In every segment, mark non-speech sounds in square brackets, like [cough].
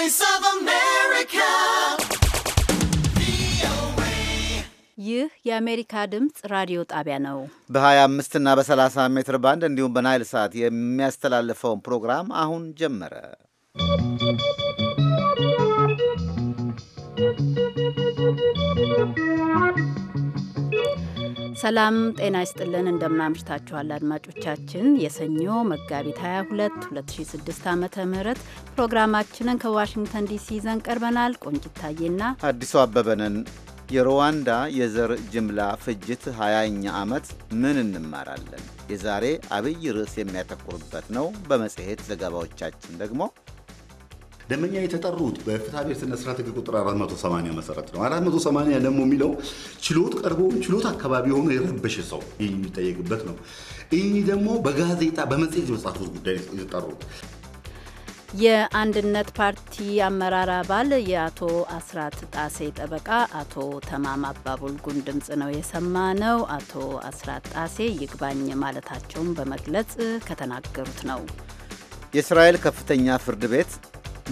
Voice of America. ይህ የአሜሪካ ድምፅ ራዲዮ ጣቢያ ነው። በ25 እና በ30 ሜትር ባንድ እንዲሁም በናይል ሰዓት የሚያስተላልፈውን ፕሮግራም አሁን ጀመረ። ሰላም ጤና ይስጥልን። እንደምናምሽታችኋል አድማጮቻችን። የሰኞ መጋቢት 22 2006 ዓ ም ፕሮግራማችንን ከዋሽንግተን ዲሲ ይዘን ቀርበናል። ቆንጅታዬና አዲሱ አበበንን የሩዋንዳ የዘር ጅምላ ፍጅት 20ኛ ዓመት ምን እንማራለን? የዛሬ አብይ ርዕስ የሚያተኩርበት ነው። በመጽሔት ዘገባዎቻችን ደግሞ ደንበኛ የተጠሩት በፍትሐብሔር ስነ ስርዓት ህግ ቁጥር 480 መሰረት ነው። 480 ደግሞ የሚለው ችሎት ቀርቦ ችሎት አካባቢ የሆነ የረበሸ ሰው የሚጠየቅበት ነው። እኚህ ደግሞ በጋዜጣ በመጽሔት የመጻፉት ጉዳይ የተጠሩት የአንድነት ፓርቲ አመራር አባል የአቶ አስራት ጣሴ ጠበቃ አቶ ተማም አባቡልጉን ድምጽ ነው የሰማ ነው። አቶ አስራት ጣሴ ይግባኝ ማለታቸውን በመግለጽ ከተናገሩት ነው። የእስራኤል ከፍተኛ ፍርድ ቤት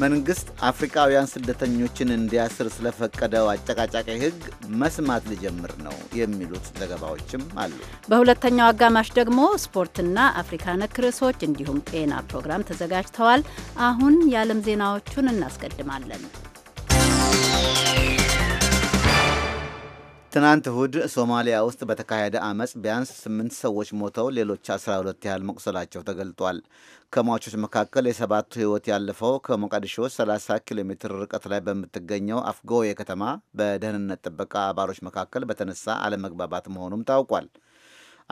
መንግስት አፍሪካውያን ስደተኞችን እንዲያስር ስለፈቀደው አጨቃጫቂ ህግ መስማት ሊጀምር ነው የሚሉት ዘገባዎችም አሉ። በሁለተኛው አጋማሽ ደግሞ ስፖርትና አፍሪካ ነክ ርዕሶች እንዲሁም ጤና ፕሮግራም ተዘጋጅተዋል። አሁን የዓለም ዜናዎቹን እናስቀድማለን። ትናንት እሁድ ሶማሊያ ውስጥ በተካሄደ አመፅ ቢያንስ ስምንት ሰዎች ሞተው ሌሎች 12 ያህል መቁሰላቸው ተገልጧል። ከሟቾች መካከል የሰባቱ ህይወት ያለፈው ከሞቃዲሾ 30 ኪሎ ሜትር ርቀት ላይ በምትገኘው አፍጎዬ ከተማ በደህንነት ጥበቃ አባሎች መካከል በተነሳ አለመግባባት መሆኑም ታውቋል።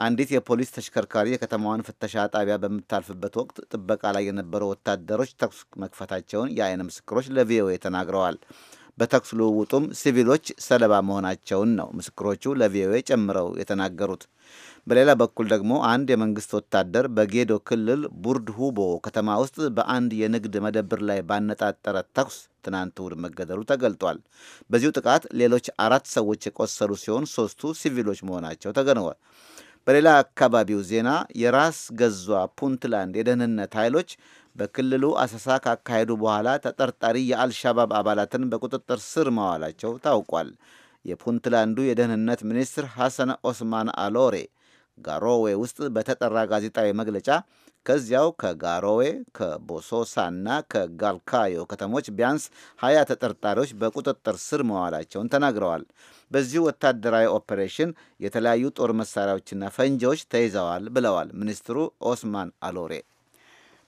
አንዲት የፖሊስ ተሽከርካሪ የከተማዋን ፍተሻ ጣቢያ በምታልፍበት ወቅት ጥበቃ ላይ የነበሩ ወታደሮች ተኩስ መክፈታቸውን የአይን ምስክሮች ለቪኦኤ ተናግረዋል። በተኩስ ልውውጡም ሲቪሎች ሰለባ መሆናቸውን ነው ምስክሮቹ ለቪኦኤ ጨምረው የተናገሩት። በሌላ በኩል ደግሞ አንድ የመንግስት ወታደር በጌዶ ክልል ቡርድ ሁቦ ከተማ ውስጥ በአንድ የንግድ መደብር ላይ ባነጣጠረ ተኩስ ትናንት እሁድ መገደሉ ተገልጧል። በዚሁ ጥቃት ሌሎች አራት ሰዎች የቆሰሉ ሲሆን ሶስቱ ሲቪሎች መሆናቸው ተገንዝቧል። በሌላ አካባቢው ዜና የራስ ገዟ ፑንትላንድ የደህንነት ኃይሎች በክልሉ አሰሳ ካካሄዱ በኋላ ተጠርጣሪ የአልሻባብ አባላትን በቁጥጥር ስር ማዋላቸው ታውቋል። የፑንትላንዱ የደህንነት ሚኒስትር ሐሰን ኦስማን አሎሬ ጋሮዌ ውስጥ በተጠራ ጋዜጣዊ መግለጫ ከዚያው ከጋሮዌ ከቦሶሳና ከጋልካዮ ከተሞች ቢያንስ ሀያ ተጠርጣሪዎች በቁጥጥር ስር መዋላቸውን ተናግረዋል። በዚሁ ወታደራዊ ኦፕሬሽን የተለያዩ ጦር መሳሪያዎችና ፈንጂዎች ተይዘዋል ብለዋል ሚኒስትሩ ኦስማን አሎሬ።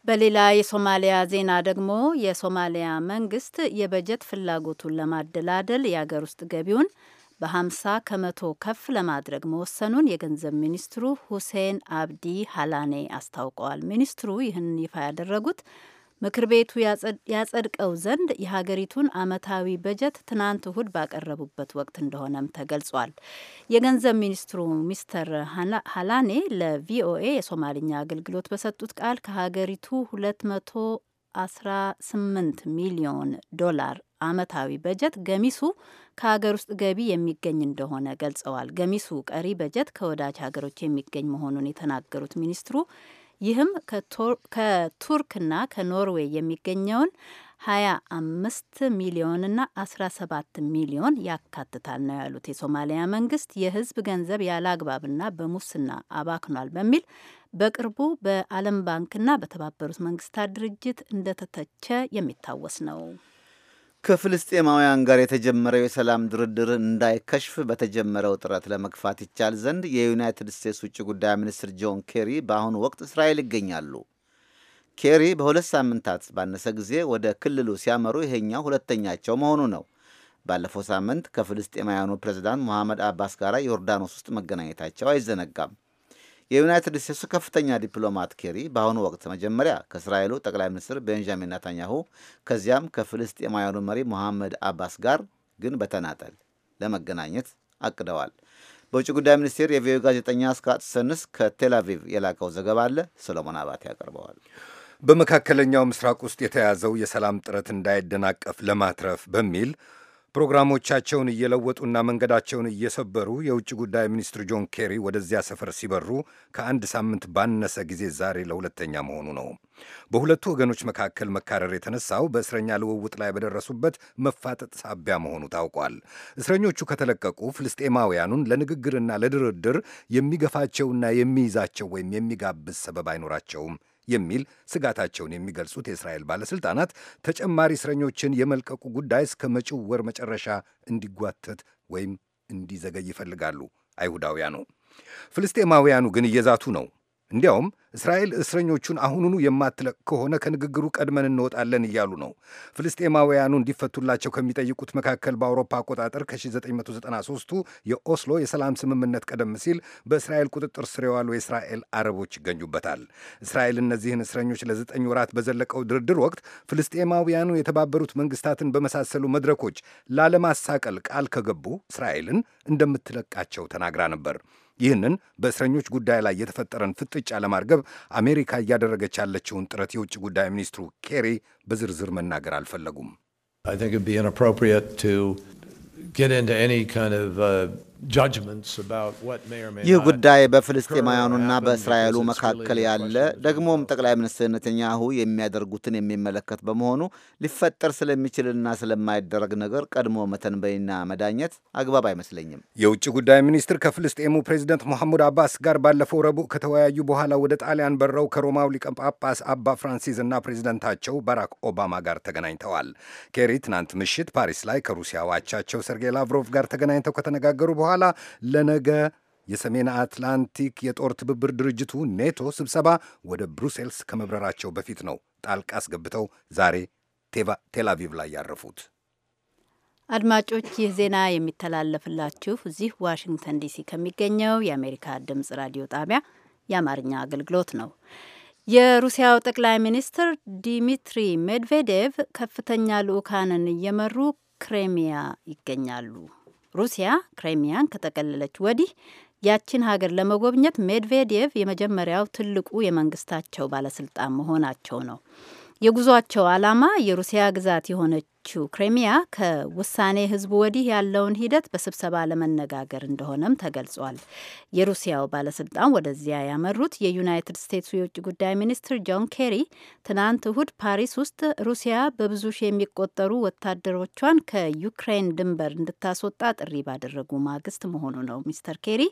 በሌላ የሶማሊያ ዜና ደግሞ የሶማሊያ መንግስት የበጀት ፍላጎቱን ለማደላደል የአገር ውስጥ ገቢውን በ50 ከመቶ ከፍ ለማድረግ መወሰኑን የገንዘብ ሚኒስትሩ ሁሴን አብዲ ሃላኔ አስታውቀዋል። ሚኒስትሩ ይህን ይፋ ያደረጉት ምክር ቤቱ ያጸድቀው ዘንድ የሀገሪቱን ዓመታዊ በጀት ትናንት እሁድ ባቀረቡበት ወቅት እንደሆነም ተገልጿል። የገንዘብ ሚኒስትሩ ሚስተር ሃላኔ ለቪኦኤ የሶማልኛ አገልግሎት በሰጡት ቃል ከሀገሪቱ 218 ሚሊዮን ዶላር አመታዊ በጀት ገሚሱ ከሀገር ውስጥ ገቢ የሚገኝ እንደሆነ ገልጸዋል። ገሚሱ ቀሪ በጀት ከወዳጅ ሀገሮች የሚገኝ መሆኑን የተናገሩት ሚኒስትሩ ይህም ከቱርክና ከኖርዌይ የሚገኘውን 25 ሚሊዮንና 17 ሚሊዮን ያካትታል ነው ያሉት። የሶማሊያ መንግስት የህዝብ ገንዘብ ያለ አግባብና በሙስና አባክኗል በሚል በቅርቡ በዓለም ባንክና በተባበሩት መንግስታት ድርጅት እንደተተቸ የሚታወስ ነው። ከፍልስጤማውያን ጋር የተጀመረው የሰላም ድርድር እንዳይከሽፍ በተጀመረው ጥረት ለመግፋት ይቻል ዘንድ የዩናይትድ ስቴትስ ውጭ ጉዳይ ሚኒስትር ጆን ኬሪ በአሁኑ ወቅት እስራኤል ይገኛሉ። ኬሪ በሁለት ሳምንታት ባነሰ ጊዜ ወደ ክልሉ ሲያመሩ ይሄኛው ሁለተኛቸው መሆኑ ነው። ባለፈው ሳምንት ከፍልስጤማውያኑ ፕሬዚዳንት መሐመድ አባስ ጋር ዮርዳኖስ ውስጥ መገናኘታቸው አይዘነጋም። የዩናይትድ ስቴትሱ ከፍተኛ ዲፕሎማት ኬሪ በአሁኑ ወቅት መጀመሪያ ከእስራኤሉ ጠቅላይ ሚኒስትር ቤንጃሚን ናታንያሁ ከዚያም ከፍልስጤማውያኑ መሪ ሞሐመድ አባስ ጋር ግን በተናጠል ለመገናኘት አቅደዋል። በውጭ ጉዳይ ሚኒስቴር የቪኦኤ ጋዜጠኛ ስካት ሰንስ ከቴል አቪቭ የላከው ዘገባ አለ። ሰሎሞን አባቴ ያቀርበዋል። በመካከለኛው ምስራቅ ውስጥ የተያዘው የሰላም ጥረት እንዳይደናቀፍ ለማትረፍ በሚል ፕሮግራሞቻቸውን እየለወጡና መንገዳቸውን እየሰበሩ የውጭ ጉዳይ ሚኒስትር ጆን ኬሪ ወደዚያ ሰፈር ሲበሩ ከአንድ ሳምንት ባነሰ ጊዜ ዛሬ ለሁለተኛ መሆኑ ነው። በሁለቱ ወገኖች መካከል መካረር የተነሳው በእስረኛ ልውውጥ ላይ በደረሱበት መፋጠጥ ሳቢያ መሆኑ ታውቋል። እስረኞቹ ከተለቀቁ ፍልስጤማውያኑን ለንግግርና ለድርድር የሚገፋቸውና የሚይዛቸው ወይም የሚጋብዝ ሰበብ አይኖራቸውም የሚል ስጋታቸውን የሚገልጹት የእስራኤል ባለሥልጣናት ተጨማሪ እስረኞችን የመልቀቁ ጉዳይ እስከ መጪው ወር መጨረሻ እንዲጓተት ወይም እንዲዘገይ ይፈልጋሉ። አይሁዳውያኑ ፍልስጤማውያኑ ግን እየዛቱ ነው። እንዲያውም እስራኤል እስረኞቹን አሁኑኑ የማትለቅ ከሆነ ከንግግሩ ቀድመን እንወጣለን እያሉ ነው። ፍልስጤማውያኑ እንዲፈቱላቸው ከሚጠይቁት መካከል በአውሮፓ አቆጣጠር ከ1993ቱ የኦስሎ የሰላም ስምምነት ቀደም ሲል በእስራኤል ቁጥጥር ስር የዋሉ የእስራኤል አረቦች ይገኙበታል። እስራኤል እነዚህን እስረኞች ለዘጠኝ ወራት በዘለቀው ድርድር ወቅት ፍልስጤማውያኑ የተባበሩት መንግስታትን በመሳሰሉ መድረኮች ላለማሳቀል ቃል ከገቡ እስራኤልን እንደምትለቃቸው ተናግራ ነበር። ይህንን በእስረኞች ጉዳይ ላይ የተፈጠረን ፍጥጫ ለማርገብ አሜሪካ እያደረገች ያለችውን ጥረት የውጭ ጉዳይ ሚኒስትሩ ኬሪ በዝርዝር መናገር አልፈለጉም። ይህ ጉዳይ በፍልስጤማውያኑና በእስራኤሉ መካከል ያለ ደግሞም ጠቅላይ ሚኒስትር ነተኛሁ የሚያደርጉትን የሚመለከት በመሆኑ ሊፈጠር ስለሚችልና ስለማይደረግ ነገር ቀድሞ መተንበይና መዳኘት አግባብ አይመስለኝም። የውጭ ጉዳይ ሚኒስትር ከፍልስጤሙ ፕሬዚደንት መሐሙድ አባስ ጋር ባለፈው ረቡዕ ከተወያዩ በኋላ ወደ ጣሊያን በረው ከሮማው ሊቀ ጳጳስ አባ ፍራንሲስ እና ፕሬዚደንታቸው ባራክ ኦባማ ጋር ተገናኝተዋል። ኬሪ ትናንት ምሽት ፓሪስ ላይ ከሩሲያ ዋቻቸው ሰርጌይ ላቭሮቭ ጋር ተገናኝተው ከተነጋገሩ በኋላ በኋላ ለነገ የሰሜን አትላንቲክ የጦር ትብብር ድርጅቱ ኔቶ ስብሰባ ወደ ብሩሴልስ ከመብረራቸው በፊት ነው ጣልቃ አስገብተው ዛሬ ቴላቪቭ ላይ ያረፉት። አድማጮች ይህ ዜና የሚተላለፍላችሁ እዚህ ዋሽንግተን ዲሲ ከሚገኘው የአሜሪካ ድምጽ ራዲዮ ጣቢያ የአማርኛ አገልግሎት ነው። የሩሲያው ጠቅላይ ሚኒስትር ዲሚትሪ ሜድቬዴቭ ከፍተኛ ልዑካንን እየመሩ ክሬሚያ ይገኛሉ። ሩሲያ ክሬሚያን ከጠቀለለች ወዲህ ያችን ሀገር ለመጎብኘት ሜድቬዴቭ የመጀመሪያው ትልቁ የመንግስታቸው ባለስልጣን መሆናቸው ነው። የጉዟቸው ዓላማ የሩሲያ ግዛት የሆነች የሆነችው ክሬሚያ ከውሳኔ ህዝቡ ወዲህ ያለውን ሂደት በስብሰባ ለመነጋገር እንደሆነም ተገልጿል። የሩሲያው ባለስልጣን ወደዚያ ያመሩት የዩናይትድ ስቴትሱ የውጭ ጉዳይ ሚኒስትር ጆን ኬሪ ትናንት እሁድ ፓሪስ ውስጥ ሩሲያ በብዙ ሺህ የሚቆጠሩ ወታደሮቿን ከዩክሬን ድንበር እንድታስወጣ ጥሪ ባደረጉ ማግስት መሆኑ ነው። ሚስተር ኬሪ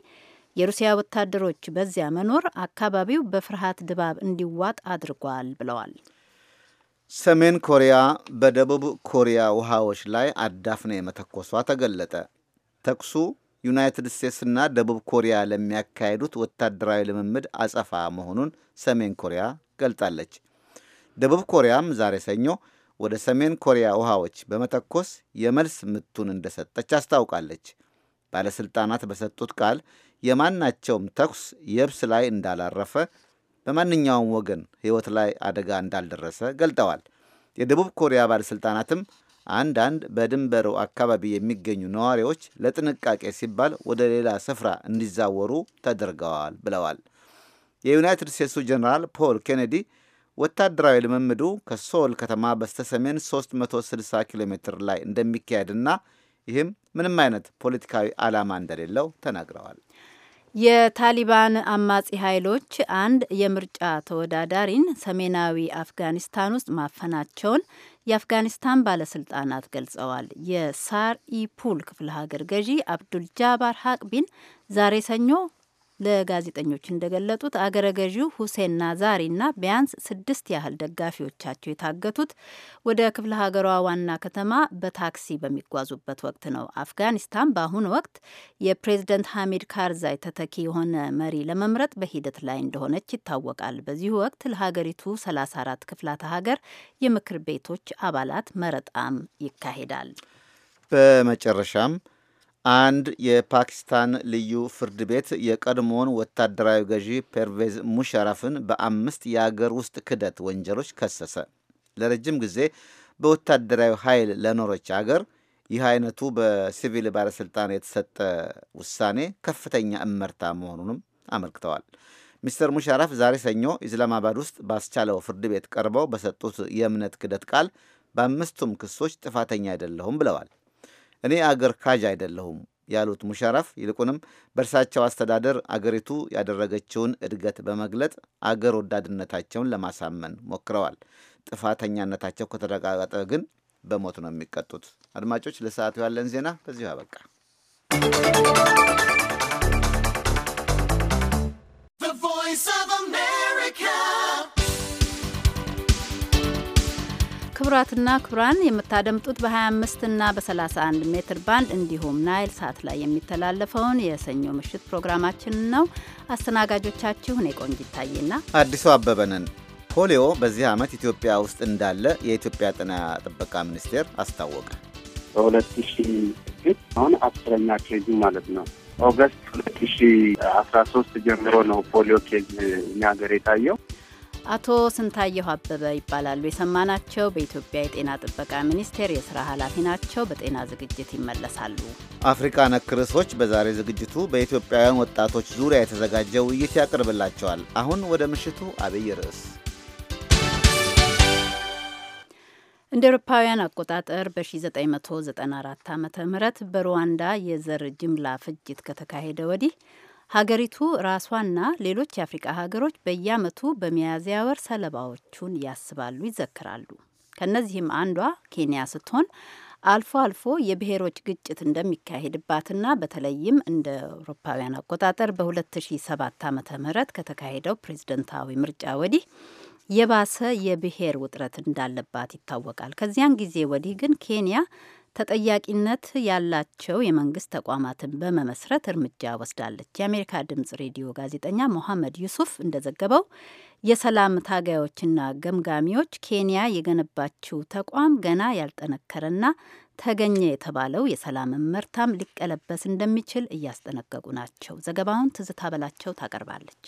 የሩሲያ ወታደሮች በዚያ መኖር አካባቢው በፍርሃት ድባብ እንዲዋጥ አድርጓል ብለዋል። ሰሜን ኮሪያ በደቡብ ኮሪያ ውሃዎች ላይ አዳፍነ የመተኮሷ ተገለጠ። ተኩሱ ዩናይትድ ስቴትስና ደቡብ ኮሪያ ለሚያካሄዱት ወታደራዊ ልምምድ አጸፋ መሆኑን ሰሜን ኮሪያ ገልጣለች። ደቡብ ኮሪያም ዛሬ ሰኞ ወደ ሰሜን ኮሪያ ውሃዎች በመተኮስ የመልስ ምቱን እንደሰጠች አስታውቃለች። ባለሥልጣናት በሰጡት ቃል የማናቸውም ተኩስ የብስ ላይ እንዳላረፈ በማንኛውም ወገን ሕይወት ላይ አደጋ እንዳልደረሰ ገልጠዋል። የደቡብ ኮሪያ ባለሥልጣናትም አንዳንድ በድንበሩ አካባቢ የሚገኙ ነዋሪዎች ለጥንቃቄ ሲባል ወደ ሌላ ስፍራ እንዲዛወሩ ተደርገዋል ብለዋል። የዩናይትድ ስቴትሱ ጀኔራል ፖል ኬኔዲ ወታደራዊ ልምምዱ ከሶል ከተማ በስተሰሜን 360 ኪሎ ሜትር ላይ እንደሚካሄድና ይህም ምንም አይነት ፖለቲካዊ ዓላማ እንደሌለው ተናግረዋል። የታሊባን አማጺ ኃይሎች አንድ የምርጫ ተወዳዳሪን ሰሜናዊ አፍጋኒስታን ውስጥ ማፈናቸውን የአፍጋኒስታን ባለስልጣናት ገልጸዋል። የሳር ኢፑል ክፍለ ሀገር ገዢ አብዱልጃባር ሀቅቢን ዛሬ ሰኞ ለጋዜጠኞች እንደገለጡት አገረ ገዢው ሁሴን ናዛሪና ቢያንስ ስድስት ያህል ደጋፊዎቻቸው የታገቱት ወደ ክፍለ ሀገሯ ዋና ከተማ በታክሲ በሚጓዙበት ወቅት ነው። አፍጋኒስታን በአሁኑ ወቅት የፕሬዝደንት ሐሚድ ካርዛይ ተተኪ የሆነ መሪ ለመምረጥ በሂደት ላይ እንደሆነች ይታወቃል። በዚሁ ወቅት ለሀገሪቱ 34 ክፍላተ ሀገር የምክር ቤቶች አባላት መረጣም ይካሄዳል። በመጨረሻም አንድ የፓኪስታን ልዩ ፍርድ ቤት የቀድሞውን ወታደራዊ ገዢ ፔርቬዝ ሙሸራፍን በአምስት የአገር ውስጥ ክደት ወንጀሎች ከሰሰ። ለረጅም ጊዜ በወታደራዊ ኃይል ለኖረች አገር ይህ አይነቱ በሲቪል ባለሥልጣን የተሰጠ ውሳኔ ከፍተኛ እመርታ መሆኑንም አመልክተዋል። ሚስተር ሙሻራፍ ዛሬ ሰኞ ኢስላማባድ ውስጥ ባስቻለው ፍርድ ቤት ቀርበው በሰጡት የእምነት ክደት ቃል በአምስቱም ክሶች ጥፋተኛ አይደለሁም ብለዋል። እኔ አገር ካዥ አይደለሁም ያሉት ሙሻራፍ ይልቁንም በእርሳቸው አስተዳደር አገሪቱ ያደረገችውን እድገት በመግለጥ አገር ወዳድነታቸውን ለማሳመን ሞክረዋል። ጥፋተኛነታቸው ከተረጋገጠ ግን በሞት ነው የሚቀጡት። አድማጮች፣ ለሰዓቱ ያለን ዜና በዚሁ አበቃ። ክቡራትና ክቡራን የምታደምጡት በ25 እና በ31 ሜትር ባንድ እንዲሁም ናይል ሳት ላይ የሚተላለፈውን የሰኞ ምሽት ፕሮግራማችን ነው። አስተናጋጆቻችሁ እኔ ቆንጅ ይታይና አዲሱ አበበንን። ፖሊዮ በዚህ ዓመት ኢትዮጵያ ውስጥ እንዳለ የኢትዮጵያ ጤና ጥበቃ ሚኒስቴር አስታወቀ። በ ሺህ አሁን አስረኛ ኬዙ ማለት ነው ኦገስት ሁለት ጀምሮ ነው ፖሊዮ ኬዝ እኛ ሀገር የታየው አቶ ስንታየሁ አበበ ይባላሉ። የሰማናቸው በኢትዮጵያ የጤና ጥበቃ ሚኒስቴር የስራ ኃላፊ ናቸው። በጤና ዝግጅት ይመለሳሉ። አፍሪካ ነክ ርዕሶች በዛሬ ዝግጅቱ በኢትዮጵያውያን ወጣቶች ዙሪያ የተዘጋጀ ውይይት ያቀርብላቸዋል። አሁን ወደ ምሽቱ አብይ ርዕስ እንደ ኤሮፓውያን አቆጣጠር በ1994 ዓ ም በሩዋንዳ የዘር ጅምላ ፍጅት ከተካሄደ ወዲህ ሀገሪቱ ራሷና ሌሎች የአፍሪቃ ሀገሮች በየአመቱ በሚያዝያ ወር ሰለባዎቹን ያስባሉ፣ ይዘክራሉ። ከእነዚህም አንዷ ኬንያ ስትሆን አልፎ አልፎ የብሔሮች ግጭት እንደሚካሄድባትና በተለይም እንደ አውሮፓውያን አቆጣጠር በ2007 ም ከተካሄደው ፕሬዝደንታዊ ምርጫ ወዲህ የባሰ የብሔር ውጥረት እንዳለባት ይታወቃል። ከዚያን ጊዜ ወዲህ ግን ኬንያ ተጠያቂነት ያላቸው የመንግስት ተቋማትን በመመስረት እርምጃ ወስዳለች። የአሜሪካ ድምጽ ሬዲዮ ጋዜጠኛ ሞሐመድ ዩሱፍ እንደዘገበው የሰላም ታጋዮችና ገምጋሚዎች ኬንያ የገነባችው ተቋም ገና ያልጠነከረና ተገኘ የተባለው የሰላም መርታም ሊቀለበስ እንደሚችል እያስጠነቀቁ ናቸው። ዘገባውን ትዝታ በላቸው ታቀርባለች።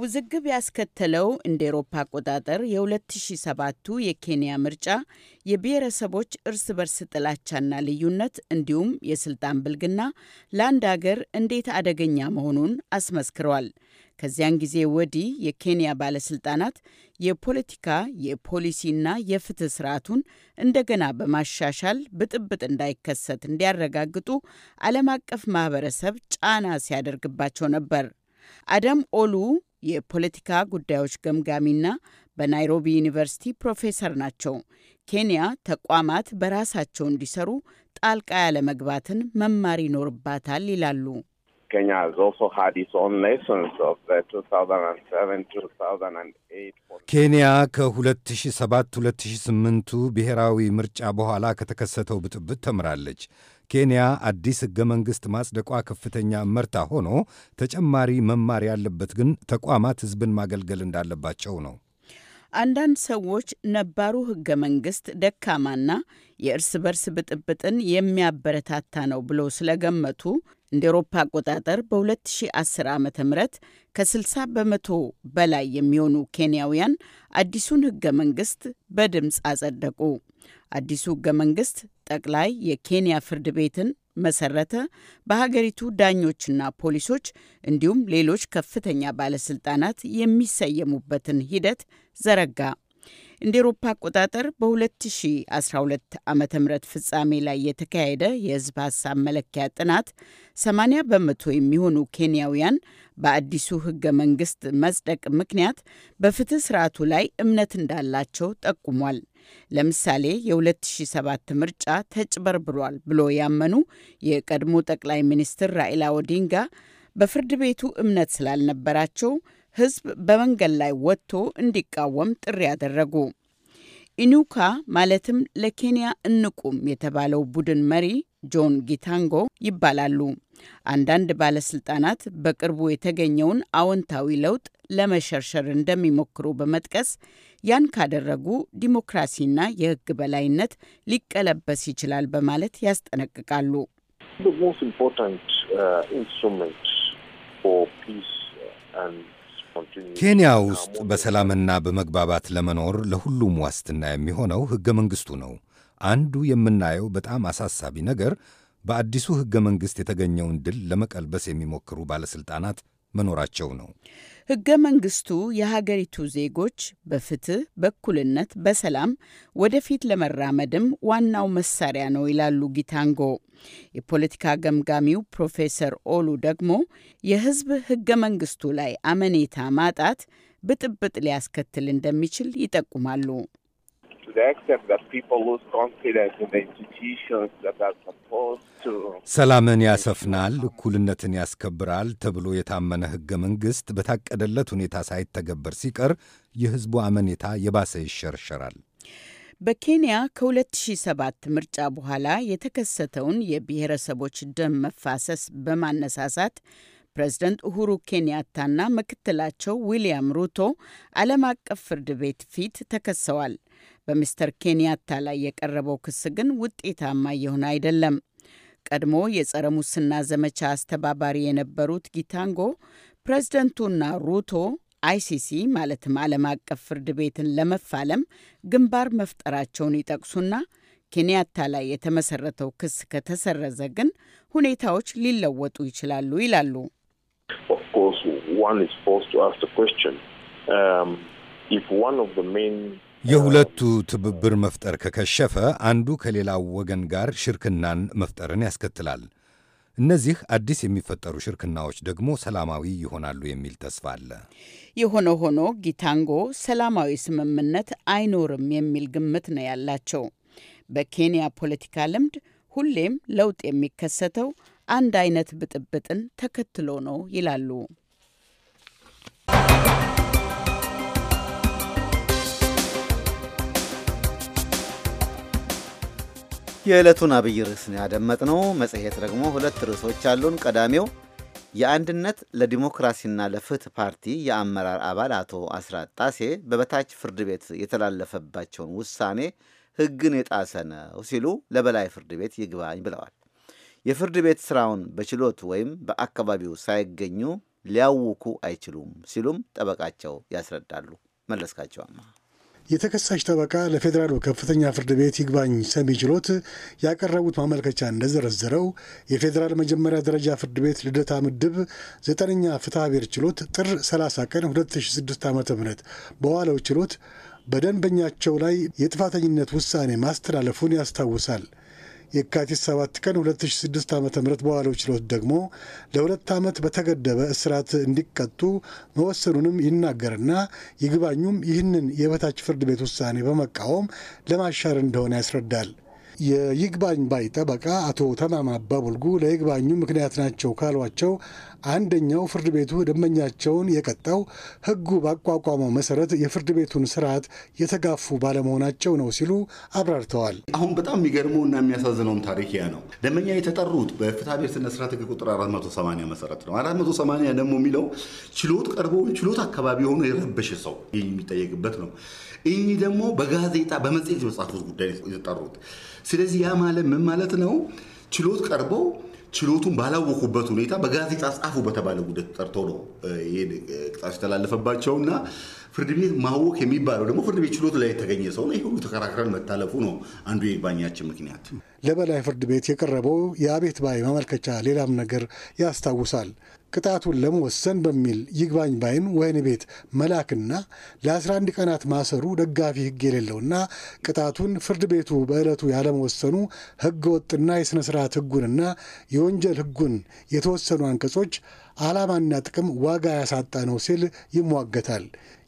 ውዝግብ ያስከተለው እንደ ኤሮፓ አቆጣጠር የ2007ቱ የኬንያ ምርጫ የብሔረሰቦች እርስ በርስ ጥላቻና ልዩነት እንዲሁም የስልጣን ብልግና ለአንድ አገር እንዴት አደገኛ መሆኑን አስመስክረዋል። ከዚያን ጊዜ ወዲህ የኬንያ ባለስልጣናት የፖለቲካ የፖሊሲና የፍትህ ስርዓቱን እንደገና በማሻሻል ብጥብጥ እንዳይከሰት እንዲያረጋግጡ ዓለም አቀፍ ማህበረሰብ ጫና ሲያደርግባቸው ነበር። አደም ኦሉ የፖለቲካ ጉዳዮች ገምጋሚና በናይሮቢ ዩኒቨርሲቲ ፕሮፌሰር ናቸው። ኬንያ ተቋማት በራሳቸው እንዲሰሩ ጣልቃ ያለመግባትን መማር ይኖርባታል ይላሉ። ኬንያ ከ2007 2008ቱ ብሔራዊ ምርጫ በኋላ ከተከሰተው ብጥብጥ ተምራለች። ኬንያ አዲስ ሕገ መንግሥት ማጽደቋ ከፍተኛ መርታ ሆኖ ተጨማሪ መማር ያለበት ግን ተቋማት ሕዝብን ማገልገል እንዳለባቸው ነው። አንዳንድ ሰዎች ነባሩ ሕገ መንግሥት ደካማና የእርስ በርስ ብጥብጥን የሚያበረታታ ነው ብሎ ስለገመቱ እንደ ኤሮፓ አቆጣጠር በ2010 ዓ ም ከ60 በመቶ በላይ የሚሆኑ ኬንያውያን አዲሱን ሕገ መንግሥት በድምፅ አጸደቁ። አዲሱ ሕገ መንግሥት ጠቅላይ የኬንያ ፍርድ ቤትን መሰረተ። በሀገሪቱ ዳኞችና ፖሊሶች እንዲሁም ሌሎች ከፍተኛ ባለስልጣናት የሚሰየሙበትን ሂደት ዘረጋ። እንደ ኤሮፓ አቆጣጠር በ2012 ዓ ም ፍጻሜ ላይ የተካሄደ የህዝብ ሀሳብ መለኪያ ጥናት 80 በመቶ የሚሆኑ ኬንያውያን በአዲሱ ህገ መንግስት መጽደቅ ምክንያት በፍትህ ስርዓቱ ላይ እምነት እንዳላቸው ጠቁሟል። ለምሳሌ የ2007 ምርጫ ተጭበርብሯል ብሎ ያመኑ የቀድሞ ጠቅላይ ሚኒስትር ራኢላ ኦዲንጋ በፍርድ ቤቱ እምነት ስላልነበራቸው ሕዝብ በመንገድ ላይ ወጥቶ እንዲቃወም ጥሪ ያደረጉ። ኢኑካ ማለትም ለኬንያ እንቁም የተባለው ቡድን መሪ ጆን ጊታንጎ ይባላሉ። አንዳንድ ባለስልጣናት በቅርቡ የተገኘውን አዎንታዊ ለውጥ ለመሸርሸር እንደሚሞክሩ በመጥቀስ ያን ካደረጉ ዲሞክራሲና የህግ በላይነት ሊቀለበስ ይችላል በማለት ያስጠነቅቃሉ። uh, uh, ኬንያ ውስጥ በሰላምና በመግባባት ለመኖር ለሁሉም ዋስትና የሚሆነው ህገ መንግስቱ ነው። አንዱ የምናየው በጣም አሳሳቢ ነገር በአዲሱ ህገ መንግስት የተገኘውን ድል ለመቀልበስ የሚሞክሩ ባለሥልጣናት መኖራቸው ነው። ህገ መንግስቱ የሀገሪቱ ዜጎች በፍትህ፣ በእኩልነት፣ በሰላም ወደፊት ለመራመድም ዋናው መሳሪያ ነው ይላሉ ጊታንጎ። የፖለቲካ ገምጋሚው ፕሮፌሰር ኦሉ ደግሞ የህዝብ ህገ መንግስቱ ላይ አመኔታ ማጣት ብጥብጥ ሊያስከትል እንደሚችል ይጠቁማሉ። ሰላምን ያሰፍናል፣ እኩልነትን ያስከብራል ተብሎ የታመነ ሕገ መንግሥት በታቀደለት ሁኔታ ሳይተገበር ሲቀር የሕዝቡ አመኔታ የባሰ ይሸርሸራል። በኬንያ ከ2007 ምርጫ በኋላ የተከሰተውን የብሔረሰቦች ደም መፋሰስ በማነሳሳት ፕሬዝደንት ኡሁሩ ኬንያታና ምክትላቸው ዊልያም ሩቶ ዓለም አቀፍ ፍርድ ቤት ፊት ተከሰዋል። በሚስተር ኬንያታ ላይ የቀረበው ክስ ግን ውጤታማ እየሆነ አይደለም። ቀድሞ የጸረ ሙስና ዘመቻ አስተባባሪ የነበሩት ጊታንጎ ፕሬዝደንቱና ሩቶ አይሲሲ ማለትም ዓለም አቀፍ ፍርድ ቤትን ለመፋለም ግንባር መፍጠራቸውን ይጠቅሱና ኬንያታ ላይ የተመሰረተው ክስ ከተሰረዘ ግን ሁኔታዎች ሊለወጡ ይችላሉ ይላሉ። ኦፍኮርስ ዋን ኢዝ ፎርስድ ቱ አስክ ዘ ኩዌስችን ኢፍ ዋን ኦፍ ዘ ሜን የሁለቱ ትብብር መፍጠር ከከሸፈ አንዱ ከሌላው ወገን ጋር ሽርክናን መፍጠርን ያስከትላል። እነዚህ አዲስ የሚፈጠሩ ሽርክናዎች ደግሞ ሰላማዊ ይሆናሉ የሚል ተስፋ አለ። የሆነ ሆኖ ጊታንጎ ሰላማዊ ስምምነት አይኖርም የሚል ግምት ነው ያላቸው። በኬንያ ፖለቲካ ልምድ ሁሌም ለውጥ የሚከሰተው አንድ አይነት ብጥብጥን ተከትሎ ነው ይላሉ። የዕለቱን አብይ ርዕስ ያደመጥነው። መጽሔት ደግሞ ሁለት ርዕሶች አሉን። ቀዳሚው የአንድነት ለዲሞክራሲና ለፍትህ ፓርቲ የአመራር አባል አቶ አስራት ጣሴ በበታች ፍርድ ቤት የተላለፈባቸውን ውሳኔ ሕግን የጣሰ ነው ሲሉ ለበላይ ፍርድ ቤት ይግባኝ ብለዋል። የፍርድ ቤት ስራውን በችሎት ወይም በአካባቢው ሳይገኙ ሊያውኩ አይችሉም ሲሉም ጠበቃቸው ያስረዳሉ። መለስካቸው አማ የተከሳሽ ጠበቃ ለፌዴራሉ ከፍተኛ ፍርድ ቤት ይግባኝ ሰሚ ችሎት ያቀረቡት ማመልከቻ እንደዘረዘረው የፌዴራል መጀመሪያ ደረጃ ፍርድ ቤት ልደታ ምድብ ዘጠነኛ ፍትሐ ብሔር ችሎት ጥር 30 ቀን 2006 ዓ ም በዋለው ችሎት በደንበኛቸው ላይ የጥፋተኝነት ውሳኔ ማስተላለፉን ያስታውሳል። የካቲት 7 ቀን 2006 ዓ ም በዋለው ችሎት ደግሞ ለሁለት ዓመት በተገደበ እስራት እንዲቀጡ መወሰኑንም ይናገርና ይግባኙም ይህንን የበታች ፍርድ ቤት ውሳኔ በመቃወም ለማሻር እንደሆነ ያስረዳል። የይግባኝ ባይ ጠበቃ አቶ ተማማ አባቡልጉ ለይግባኙ ምክንያት ናቸው ካሏቸው አንደኛው ፍርድ ቤቱ ደንበኛቸውን የቀጣው ሕጉ ባቋቋመው መሰረት የፍርድ ቤቱን ስርዓት የተጋፉ ባለመሆናቸው ነው ሲሉ አብራርተዋል። አሁን በጣም የሚገርመው እና የሚያሳዝነውም ታሪክ ያ ነው። ደንበኛ የተጠሩት በፍትሐ ብሔር ስነ ስርዓት ሕግ ቁጥር 480 መሰረት ነው። 480 ደግሞ የሚለው ችሎት ቀርቦ ችሎት አካባቢ የሆነ የረበሸ ሰው የሚጠየቅበት ነው። ይህ ደግሞ በጋዜጣ በመጽሔት የመጻፉት ጉዳይ የተጠሩት ስለዚህ ያ ማለት ምን ማለት ነው? ችሎት ቀርበው ችሎቱን ባላወቁበት ሁኔታ በጋዜጣ ጻፉ በተባለ ጉደት ጠርቶ ነው ቅጣት የተላለፈባቸው እና ፍርድ ቤት ማወቅ የሚባለው ደግሞ ፍርድ ቤት ችሎት ላይ የተገኘ ሰው ነው። ይህ ሁሉ ተከራክረን መታለፉ ነው አንዱ የባኛችን ምክንያት። ለበላይ ፍርድ ቤት የቀረበው የአቤት ባይ ማመልከቻ ሌላም ነገር ያስታውሳል። ቅጣቱን ለመወሰን በሚል ይግባኝ ባይን ወህኒ ቤት መላክና ለ11 ቀናት ማሰሩ ደጋፊ ህግ የሌለውና ቅጣቱን ፍርድ ቤቱ በዕለቱ ያለመወሰኑ ህገወጥና ወጥና የሥነ ሥርዓት ህጉንና የወንጀል ህጉን የተወሰኑ አንቀጾች ዓላማና ጥቅም ዋጋ ያሳጣ ነው ሲል ይሟገታል።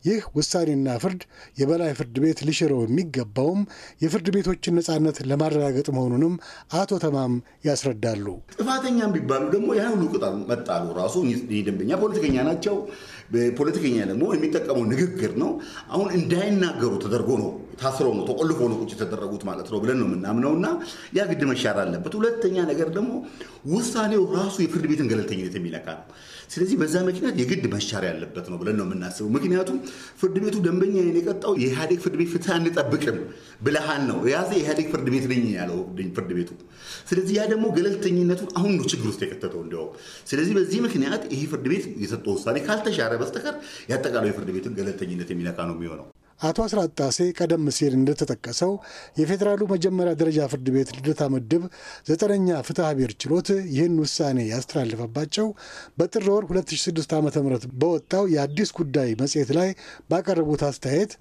ይህ ውሳኔና ፍርድ የበላይ ፍርድ ቤት ሊሽረው የሚገባውም የፍርድ ቤቶችን ነፃነት ለማረጋገጥ መሆኑንም አቶ ተማም ያስረዳሉ። ጥፋተኛም ቢባሉ ደግሞ ያ ሁሉ ቅጣት መጣሉ ራሱ ደንበኛ ፖለቲከኛ ናቸው። ፖለቲከኛ ደግሞ የሚጠቀመው ንግግር ነው። አሁን እንዳይናገሩ ተደርጎ ነው ታስረው ነው ተቆልፎ ነው ቁጭ የተደረጉት ማለት ነው ብለን ነው የምናምነው እና ያ ግድ መሻር አለበት። ሁለተኛ ነገር ደግሞ ውሳኔው ራሱ የፍርድ ቤትን ገለልተኝነት የሚለካ ነው። ስለዚህ በዛ ምክንያት የግድ መሻር ያለበት ነው ብለን ነው የምናስበው። ምክንያቱም ፍርድ ቤቱ ደንበኛ የቀጣው የኢህአዴግ ፍርድ ቤት ፍትህ አንጠብቅም ብለሃል ነው የያዘ የኢህአዴግ ፍርድ ቤት ነኝ ያለው ፍርድ ቤቱ። ስለዚህ ያ ደግሞ ገለልተኝነቱን አሁን ነው ችግር ውስጥ የከተተው እንዲያውም። ስለዚህ በዚህ ምክንያት ይሄ ፍርድ ቤት የሰጠው ውሳኔ ካልተሻረ በስተቀር የአጠቃላይ ፍርድ ቤትን ገለልተኝነት የሚለካ ነው የሚሆነው። አቶ አስራት ቀደም ሲል እንደተጠቀሰው የፌዴራሉ መጀመሪያ ደረጃ ፍርድ ቤት ልደታ ምድብ ዘጠነኛ ፍትሐ ብሔር ችሎት ይህን ውሳኔ ያስተላለፈባቸው በጥር ወር 2006 ዓ ም በወጣው የአዲስ ጉዳይ መጽሔት ላይ ባቀረቡት አስተያየት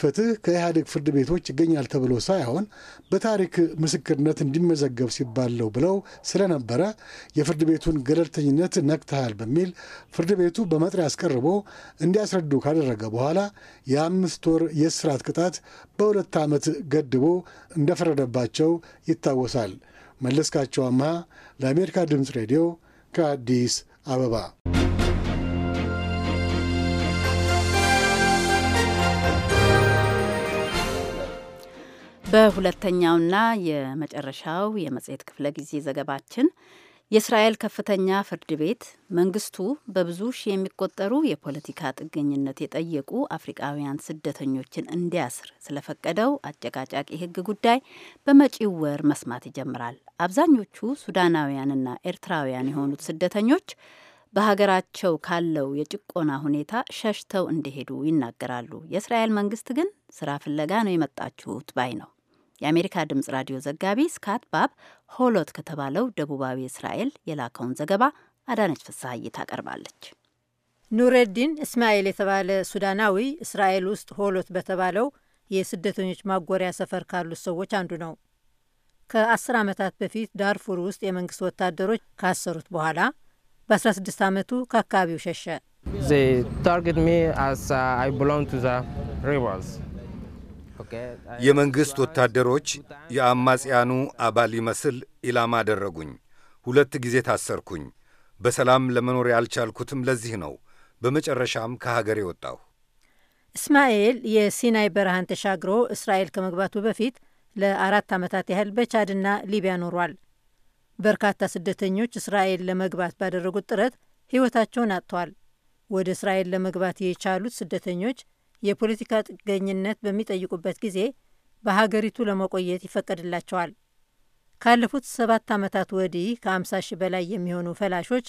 ፍትህ ከኢህአዴግ ፍርድ ቤቶች ይገኛል ተብሎ ሳይሆን በታሪክ ምስክርነት እንዲመዘገብ ሲባለው ብለው ስለነበረ የፍርድ ቤቱን ገለልተኝነት ነክተሃል በሚል ፍርድ ቤቱ በመጥሪያ አስቀርቦ እንዲያስረዱ ካደረገ በኋላ የአምስት ወር የእስራት ቅጣት በሁለት ዓመት ገድቦ እንደፈረደባቸው ይታወሳል። መለስካቸው አምሃ ለአሜሪካ ድምፅ ሬዲዮ ከአዲስ አበባ በሁለተኛውና የመጨረሻው የመጽሔት ክፍለ ጊዜ ዘገባችን የእስራኤል ከፍተኛ ፍርድ ቤት መንግስቱ በብዙ ሺ የሚቆጠሩ የፖለቲካ ጥገኝነት የጠየቁ አፍሪቃውያን ስደተኞችን እንዲያስር ስለፈቀደው አጨቃጫቂ ሕግ ጉዳይ በመጪው ወር መስማት ይጀምራል። አብዛኞቹ ሱዳናውያንና ኤርትራውያን የሆኑት ስደተኞች በሀገራቸው ካለው የጭቆና ሁኔታ ሸሽተው እንደሄዱ ይናገራሉ። የእስራኤል መንግስት ግን ስራ ፍለጋ ነው የመጣችሁት ባይ ነው። የአሜሪካ ድምጽ ራዲዮ ዘጋቢ ስካት ባብ ሆሎት ከተባለው ደቡባዊ እስራኤል የላከውን ዘገባ አዳነች ፍስሐዬ ታቀርባለች። ኑረዲን እስማኤል የተባለ ሱዳናዊ እስራኤል ውስጥ ሆሎት በተባለው የስደተኞች ማጎሪያ ሰፈር ካሉት ሰዎች አንዱ ነው። ከአስር ዓመታት በፊት ዳርፉር ውስጥ የመንግስት ወታደሮች ካሰሩት በኋላ በ16 ዓመቱ ከአካባቢው ሸሸ። የመንግሥት ወታደሮች የአማጽያኑ አባል ይመስል ኢላማ አደረጉኝ። ሁለት ጊዜ ታሰርኩኝ። በሰላም ለመኖር ያልቻልኩትም ለዚህ ነው። በመጨረሻም ከሀገር የወጣሁ እስማኤል የሲናይ በረሃን ተሻግሮ እስራኤል ከመግባቱ በፊት ለአራት ዓመታት ያህል በቻድና ሊቢያ ኖሯል። በርካታ ስደተኞች እስራኤል ለመግባት ባደረጉት ጥረት ሕይወታቸውን አጥተዋል። ወደ እስራኤል ለመግባት የቻሉት ስደተኞች የፖለቲካ ጥገኝነት በሚጠይቁበት ጊዜ በሀገሪቱ ለመቆየት ይፈቀድላቸዋል። ካለፉት ሰባት ዓመታት ወዲህ ከ ሺህ በላይ የሚሆኑ ፈላሾች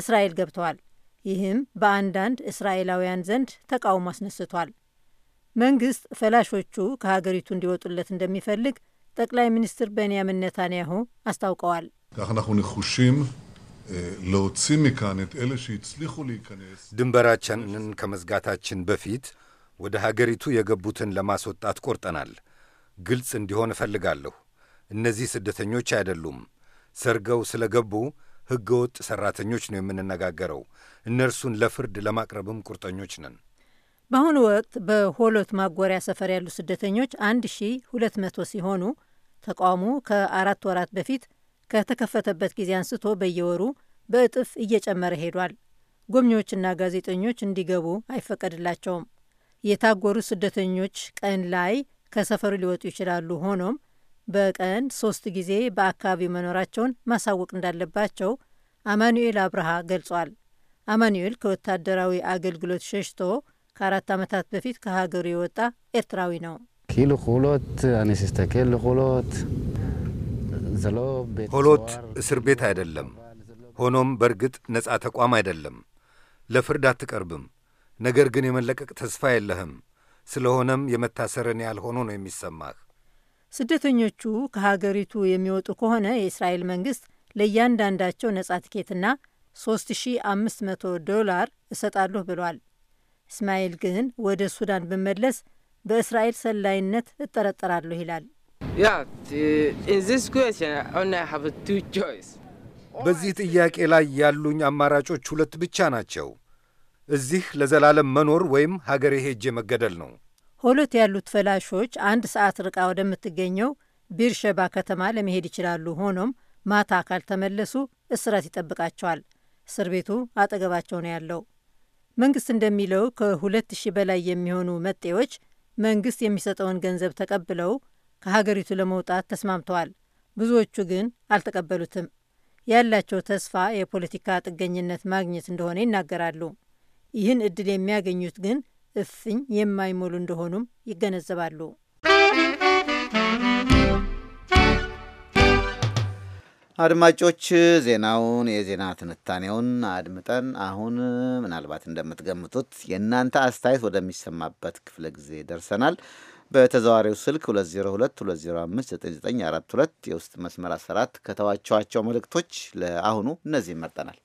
እስራኤል ገብተዋል። ይህም በአንዳንድ እስራኤላውያን ዘንድ ተቃውሞ አስነስቷል። መንግስት ፈላሾቹ ከሀገሪቱ እንዲወጡለት እንደሚፈልግ ጠቅላይ ሚኒስትር ቤንያሚን ኔታንያሁ አስታውቀዋል። ድንበራችንን ከመዝጋታችን በፊት ወደ ሀገሪቱ የገቡትን ለማስወጣት ቆርጠናል። ግልጽ እንዲሆን እፈልጋለሁ። እነዚህ ስደተኞች አይደሉም። ሰርገው ስለ ገቡ ሕገ ወጥ ሠራተኞች ነው የምንነጋገረው። እነርሱን ለፍርድ ለማቅረብም ቁርጠኞች ነን። በአሁኑ ወቅት በሆሎት ማጎሪያ ሰፈር ያሉ ስደተኞች 1200 ሲሆኑ ተቋሙ ከአራት ወራት በፊት ከተከፈተበት ጊዜ አንስቶ በየወሩ በእጥፍ እየጨመረ ሄዷል። ጎብኚዎችና ጋዜጠኞች እንዲገቡ አይፈቀድላቸውም። የታጎሩ ስደተኞች ቀን ላይ ከሰፈሩ ሊወጡ ይችላሉ። ሆኖም በቀን ሶስት ጊዜ በአካባቢው መኖራቸውን ማሳወቅ እንዳለባቸው አማኑኤል አብርሃ ገልጿል። አማኑኤል ከወታደራዊ አገልግሎት ሸሽቶ ከአራት ዓመታት በፊት ከሀገሩ የወጣ ኤርትራዊ ነው። ሆሎት እስር ቤት አይደለም። ሆኖም በእርግጥ ነጻ ተቋም አይደለም። ለፍርድ አትቀርብም። ነገር ግን የመለቀቅ ተስፋ የለህም። ስለሆነም የመታሰርን ያህል ሆኖ ነው የሚሰማህ። ስደተኞቹ ከሀገሪቱ የሚወጡ ከሆነ የእስራኤል መንግስት ለእያንዳንዳቸው ነጻ ትኬትና 3500 ዶላር እሰጣለሁ ብሏል። እስማኤል ግን ወደ ሱዳን ብመለስ በእስራኤል ሰላይነት እጠረጠራለሁ ይላል። በዚህ ጥያቄ ላይ ያሉኝ አማራጮች ሁለት ብቻ ናቸው። እዚህ ለዘላለም መኖር ወይም ሀገሬ ሄጄ መገደል ነው። ሆሎት ያሉት ፈላሾች አንድ ሰዓት ርቃ ወደምትገኘው ቢርሸባ ከተማ ለመሄድ ይችላሉ። ሆኖም ማታ ካልተመለሱ እስራት ይጠብቃቸዋል። እስር ቤቱ አጠገባቸው ነው ያለው። መንግስት እንደሚለው ከሁለት ሺህ በላይ የሚሆኑ መጤዎች መንግስት የሚሰጠውን ገንዘብ ተቀብለው ከሀገሪቱ ለመውጣት ተስማምተዋል። ብዙዎቹ ግን አልተቀበሉትም። ያላቸው ተስፋ የፖለቲካ ጥገኝነት ማግኘት እንደሆነ ይናገራሉ። ይህን እድል የሚያገኙት ግን እፍኝ የማይሞሉ እንደሆኑም ይገነዘባሉ። አድማጮች ዜናውን የዜና ትንታኔውን አድምጠን አሁን ምናልባት እንደምትገምቱት የእናንተ አስተያየት ወደሚሰማበት ክፍለ ጊዜ ደርሰናል። በተዘዋሪው ስልክ 2022059942 የውስጥ መስመር 14 ከተዋቸዋቸው መልእክቶች ለአሁኑ እነዚህ መርጠናል።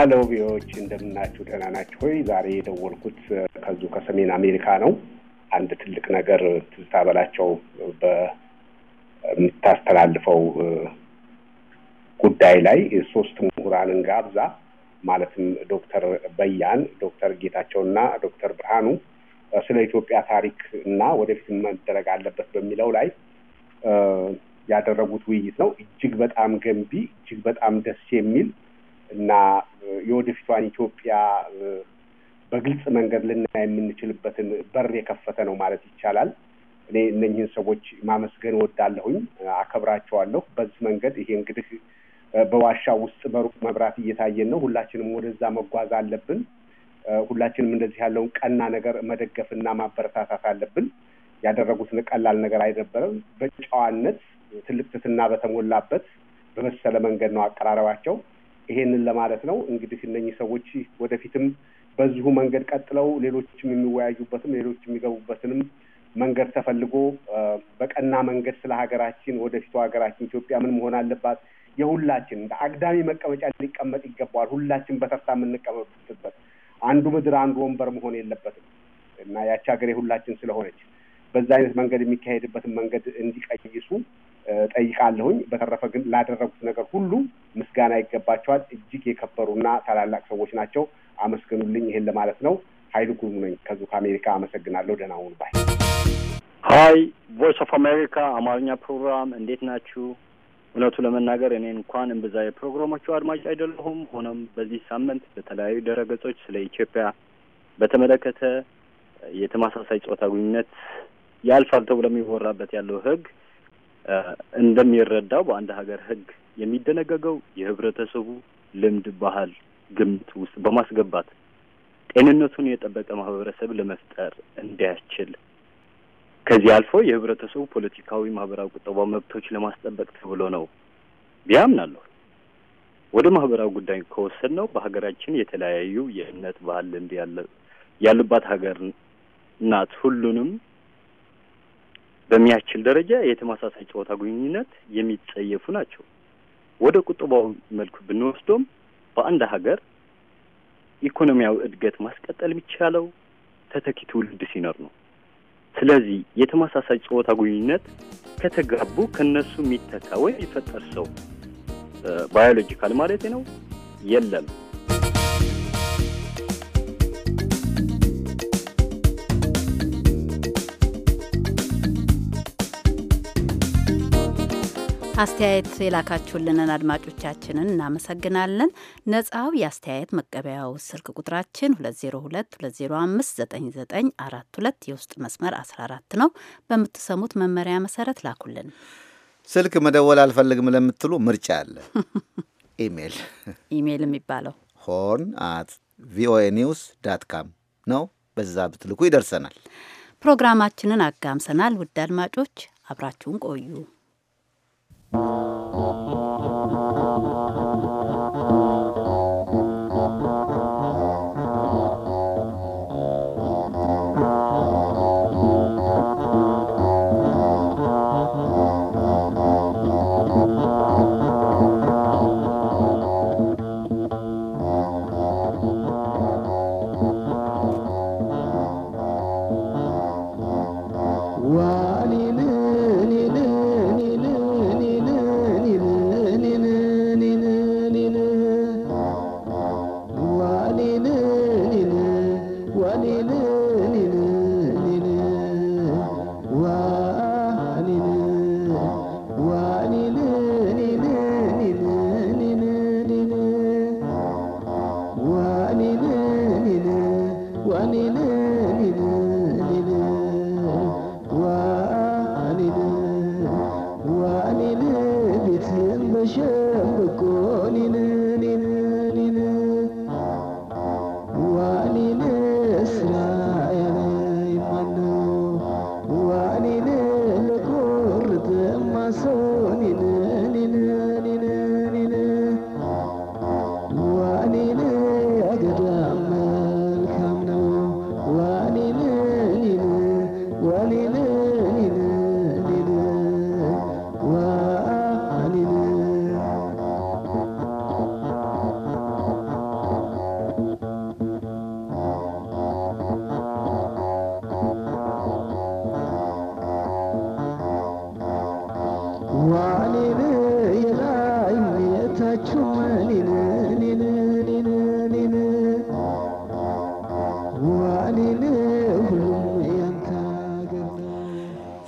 አለውቢዎች እንደምናችሁ ደህና ናችሁ ሆይ? ዛሬ የደወልኩት ከዙ ከሰሜን አሜሪካ ነው። አንድ ትልቅ ነገር ትዝታ በላቸው በምታስተላልፈው ጉዳይ ላይ ሶስት ምሁራንን ጋብዛ ማለትም ዶክተር በያን ዶክተር ጌታቸው እና ዶክተር ብርሃኑ ስለ ኢትዮጵያ ታሪክ እና ወደፊት መደረግ አለበት በሚለው ላይ ያደረጉት ውይይት ነው። እጅግ በጣም ገንቢ፣ እጅግ በጣም ደስ የሚል እና የወደፊቷን ኢትዮጵያ በግልጽ መንገድ ልናይ የምንችልበትን በር የከፈተ ነው ማለት ይቻላል። እኔ እነኝህን ሰዎች ማመስገን ወዳለሁኝ፣ አከብራቸዋለሁ። በዚህ መንገድ ይሄ እንግዲህ በዋሻ ውስጥ በሩቅ መብራት እየታየን ነው። ሁላችንም ወደዛ መጓዝ አለብን። ሁላችንም እንደዚህ ያለውን ቀና ነገር መደገፍና ማበረታታት አለብን። ያደረጉትን ቀላል ነገር አይነበረም። በጨዋነት ትልቅ ትትና በተሞላበት በመሰለ መንገድ ነው አቀራረባቸው። ይሄንን ለማለት ነው። እንግዲህ እነኚህ ሰዎች ወደፊትም በዚሁ መንገድ ቀጥለው ሌሎችም የሚወያዩበትም ሌሎች የሚገቡበትንም መንገድ ተፈልጎ በቀና መንገድ ስለ ሀገራችን ወደፊቱ ሀገራችን ኢትዮጵያ ምን መሆን አለባት የሁላችን እንደ አግዳሚ መቀመጫ ሊቀመጥ ይገባዋል። ሁላችን በተርታ የምንቀመጥበት አንዱ ምድር አንዱ ወንበር መሆን የለበትም እና ያቺ ሀገር የሁላችን ስለሆነች በዛ አይነት መንገድ የሚካሄድበትን መንገድ እንዲቀይሱ ጠይቃለሁኝ። በተረፈ ግን ላደረጉት ነገር ሁሉ ምስጋና ይገባቸዋል። እጅግ የከበሩና ታላላቅ ሰዎች ናቸው። አመስግኑልኝ። ይሄን ለማለት ነው። ሀይሉ ጉሙ ነኝ ከዚሁ ከአሜሪካ አመሰግናለሁ። ደህና ሁኑ ባይ ሀይ ቮይስ ኦፍ አሜሪካ አማርኛ ፕሮግራም እንዴት ናችሁ? እውነቱ ለመናገር እኔ እንኳን እምብዛ የፕሮግራሞቹ አድማጭ አይደለሁም። ሆኖም በዚህ ሳምንት በተለያዩ ድረገጾች ስለ ኢትዮጵያ በተመለከተ የተመሳሳይ ጾታ ግንኙነት ያልፋል ተብሎ የሚወራበት ያለው ህግ እንደሚረዳው በአንድ ሀገር ህግ የሚደነገገው የህብረተሰቡ ልምድ፣ ባህል ግምት ውስጥ በማስገባት ጤንነቱን የጠበቀ ማህበረሰብ ለመፍጠር እንዲያስችል ከዚህ አልፎ የህብረተሰቡ ፖለቲካዊ፣ ማህበራዊ፣ ቁጠባ መብቶች ለማስጠበቅ ተብሎ ነው ቢያምናለሁ። ወደ ማህበራዊ ጉዳይ ከወሰድ ነው በሀገራችን የተለያዩ የእምነት ባህል ልምድ ያለባት ሀገር ናት። ሁሉንም በሚያስችል ደረጃ የተመሳሳይ ጨዋታ ግንኙነት የሚጸየፉ ናቸው። ወደ ቁጠባው መልኩ ብንወስዶም በአንድ ሀገር ኢኮኖሚያዊ እድገት ማስቀጠል የሚቻለው ተተኪ ትውልድ ሲኖር ነው። ስለዚህ የተመሳሳይ ጾታ ግንኙነት ከተጋቡ ከነሱ የሚተካ ወይም የሚፈጠር ሰው ባዮሎጂካል ማለት ነው የለም። አስተያየት የላካችሁልንን አድማጮቻችንን እናመሰግናለን። ነጻው የአስተያየት መቀበያው ስልክ ቁጥራችን 2022059942 የውስጥ መስመር 14 ነው። በምትሰሙት መመሪያ መሰረት ላኩልን። ስልክ መደወል አልፈልግም ለምትሉ ምርጫ አለ። [laughs] ኢሜል ኢሜል የሚባለው ሆርን አት ቪኦኤ ኒውስ ዳት ካም ነው። በዛ ብትልኩ ይደርሰናል። ፕሮግራማችንን አጋምሰናል። ውድ አድማጮች አብራችሁን ቆዩ። Oh.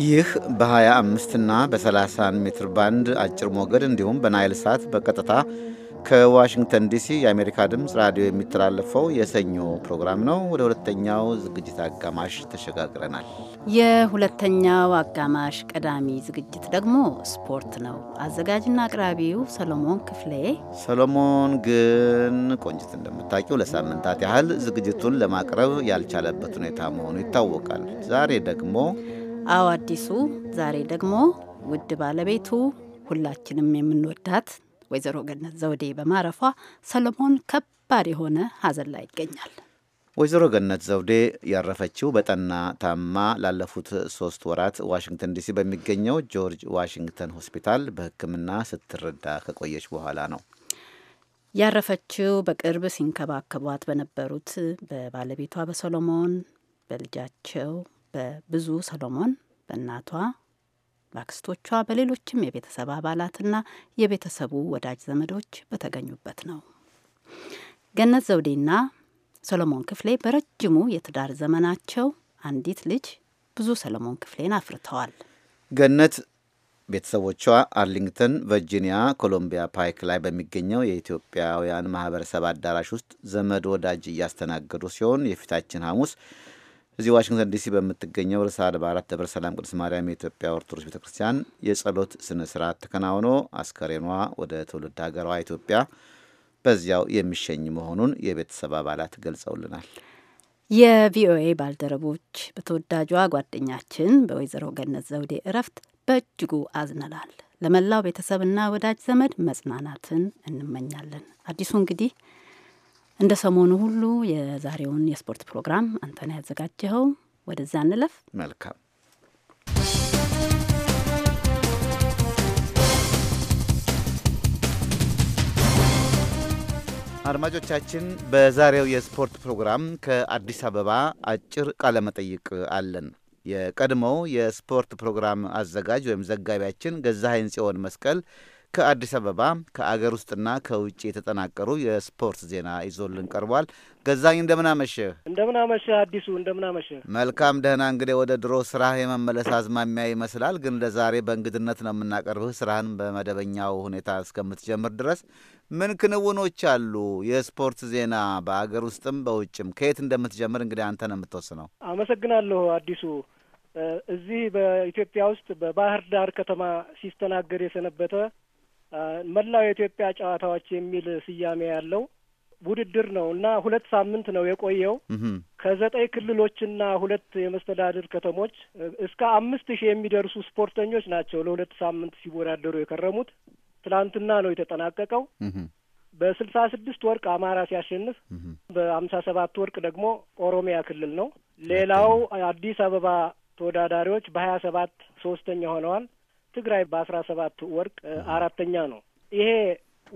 ይህ በ25 እና በ30 ሜትር ባንድ አጭር ሞገድ እንዲሁም በናይል ሳት በቀጥታ ከዋሽንግተን ዲሲ የአሜሪካ ድምፅ ራዲዮ የሚተላለፈው የሰኞ ፕሮግራም ነው። ወደ ሁለተኛው ዝግጅት አጋማሽ ተሸጋግረናል። የሁለተኛው አጋማሽ ቀዳሚ ዝግጅት ደግሞ ስፖርት ነው። አዘጋጅና አቅራቢው ሰሎሞን ክፍሌ። ሰሎሞን ግን ቆንጅት እንደምታውቂው ለሳምንታት ያህል ዝግጅቱን ለማቅረብ ያልቻለበት ሁኔታ መሆኑ ይታወቃል። ዛሬ ደግሞ አዎ አዲሱ፣ ዛሬ ደግሞ ውድ ባለቤቱ ሁላችንም የምንወዳት ወይዘሮ ገነት ዘውዴ በማረፏ ሰለሞን ከባድ የሆነ ሀዘን ላይ ይገኛል። ወይዘሮ ገነት ዘውዴ ያረፈችው በጠና ታማ ላለፉት ሶስት ወራት ዋሽንግተን ዲሲ በሚገኘው ጆርጅ ዋሽንግተን ሆስፒታል በሕክምና ስትረዳ ከቆየች በኋላ ነው። ያረፈችው በቅርብ ሲንከባከቧት በነበሩት በባለቤቷ በሰሎሞን፣ በልጃቸው፣ በብዙ ሰሎሞን በእናቷ በአክስቶቿ በሌሎችም የቤተሰብ አባላትና የቤተሰቡ ወዳጅ ዘመዶች በተገኙበት ነው። ገነት ዘውዴና ሰሎሞን ክፍሌ በረጅሙ የትዳር ዘመናቸው አንዲት ልጅ ብዙ ሰሎሞን ክፍሌን አፍርተዋል። ገነት ቤተሰቦቿ አርሊንግተን፣ ቨርጂኒያ ኮሎምቢያ ፓይክ ላይ በሚገኘው የኢትዮጵያውያን ማህበረሰብ አዳራሽ ውስጥ ዘመድ ወዳጅ እያስተናገዱ ሲሆን የፊታችን ሐሙስ እዚህ ዋሽንግተን ዲሲ በምትገኘው ርዕሰ አድባራት ደብረ ሰላም ቅዱስ ማርያም የኢትዮጵያ ኦርቶዶክስ ቤተ ክርስቲያን የጸሎት ስነ ስርዓት ተከናውኖ አስከሬኗ ወደ ትውልድ ሀገሯ ኢትዮጵያ በዚያው የሚሸኝ መሆኑን የቤተሰብ አባላት ገልጸውልናል። የቪኦኤ ባልደረቦች በተወዳጇ ጓደኛችን በወይዘሮ ገነት ዘውዴ እረፍት በእጅጉ አዝነናል። ለመላው ቤተሰብና ወዳጅ ዘመድ መጽናናትን እንመኛለን። አዲሱ እንግዲህ እንደ ሰሞኑ ሁሉ የዛሬውን የስፖርት ፕሮግራም አንተነህ ያዘጋጀኸው፣ ወደዛ እንለፍ። መልካም አድማጮቻችን፣ በዛሬው የስፖርት ፕሮግራም ከአዲስ አበባ አጭር ቃለመጠይቅ አለን። የቀድሞው የስፖርት ፕሮግራም አዘጋጅ ወይም ዘጋቢያችን ገዛኸኝ ጽዮን መስቀል ከአዲስ አበባ ከአገር ውስጥና ከውጭ የተጠናቀሩ የስፖርት ዜና ይዞልን ቀርቧል። ገዛኝ እንደምናመሽህ እንደምናመሸህ አዲሱ እንደምናመሸህ። መልካም ደህና። እንግዲህ ወደ ድሮ ስራህ የመመለስ አዝማሚያ ይመስላል፣ ግን ለዛሬ በእንግድነት ነው የምናቀርብህ። ስራህን በመደበኛው ሁኔታ እስከምትጀምር ድረስ ምን ክንውኖች አሉ? የስፖርት ዜና በአገር ውስጥም በውጭም ከየት እንደምትጀምር እንግዲህ አንተ ነው የምትወስነው። አመሰግናለሁ አዲሱ። እዚህ በኢትዮጵያ ውስጥ በባህር ዳር ከተማ ሲስተናገድ የሰነበተ መላው የኢትዮጵያ ጨዋታዎች የሚል ስያሜ ያለው ውድድር ነው እና ሁለት ሳምንት ነው የቆየው። ከዘጠኝ ክልሎችና ሁለት የመስተዳድር ከተሞች እስከ አምስት ሺህ የሚደርሱ ስፖርተኞች ናቸው ለሁለት ሳምንት ሲወዳደሩ የከረሙት። ትላንትና ነው የተጠናቀቀው። በስልሳ ስድስት ወርቅ አማራ ሲያሸንፍ በአምሳ ሰባት ወርቅ ደግሞ ኦሮሚያ ክልል ነው። ሌላው አዲስ አበባ ተወዳዳሪዎች በሀያ ሰባት ሶስተኛ ሆነዋል። ትግራይ በአስራ ሰባት ወርቅ አራተኛ ነው። ይሄ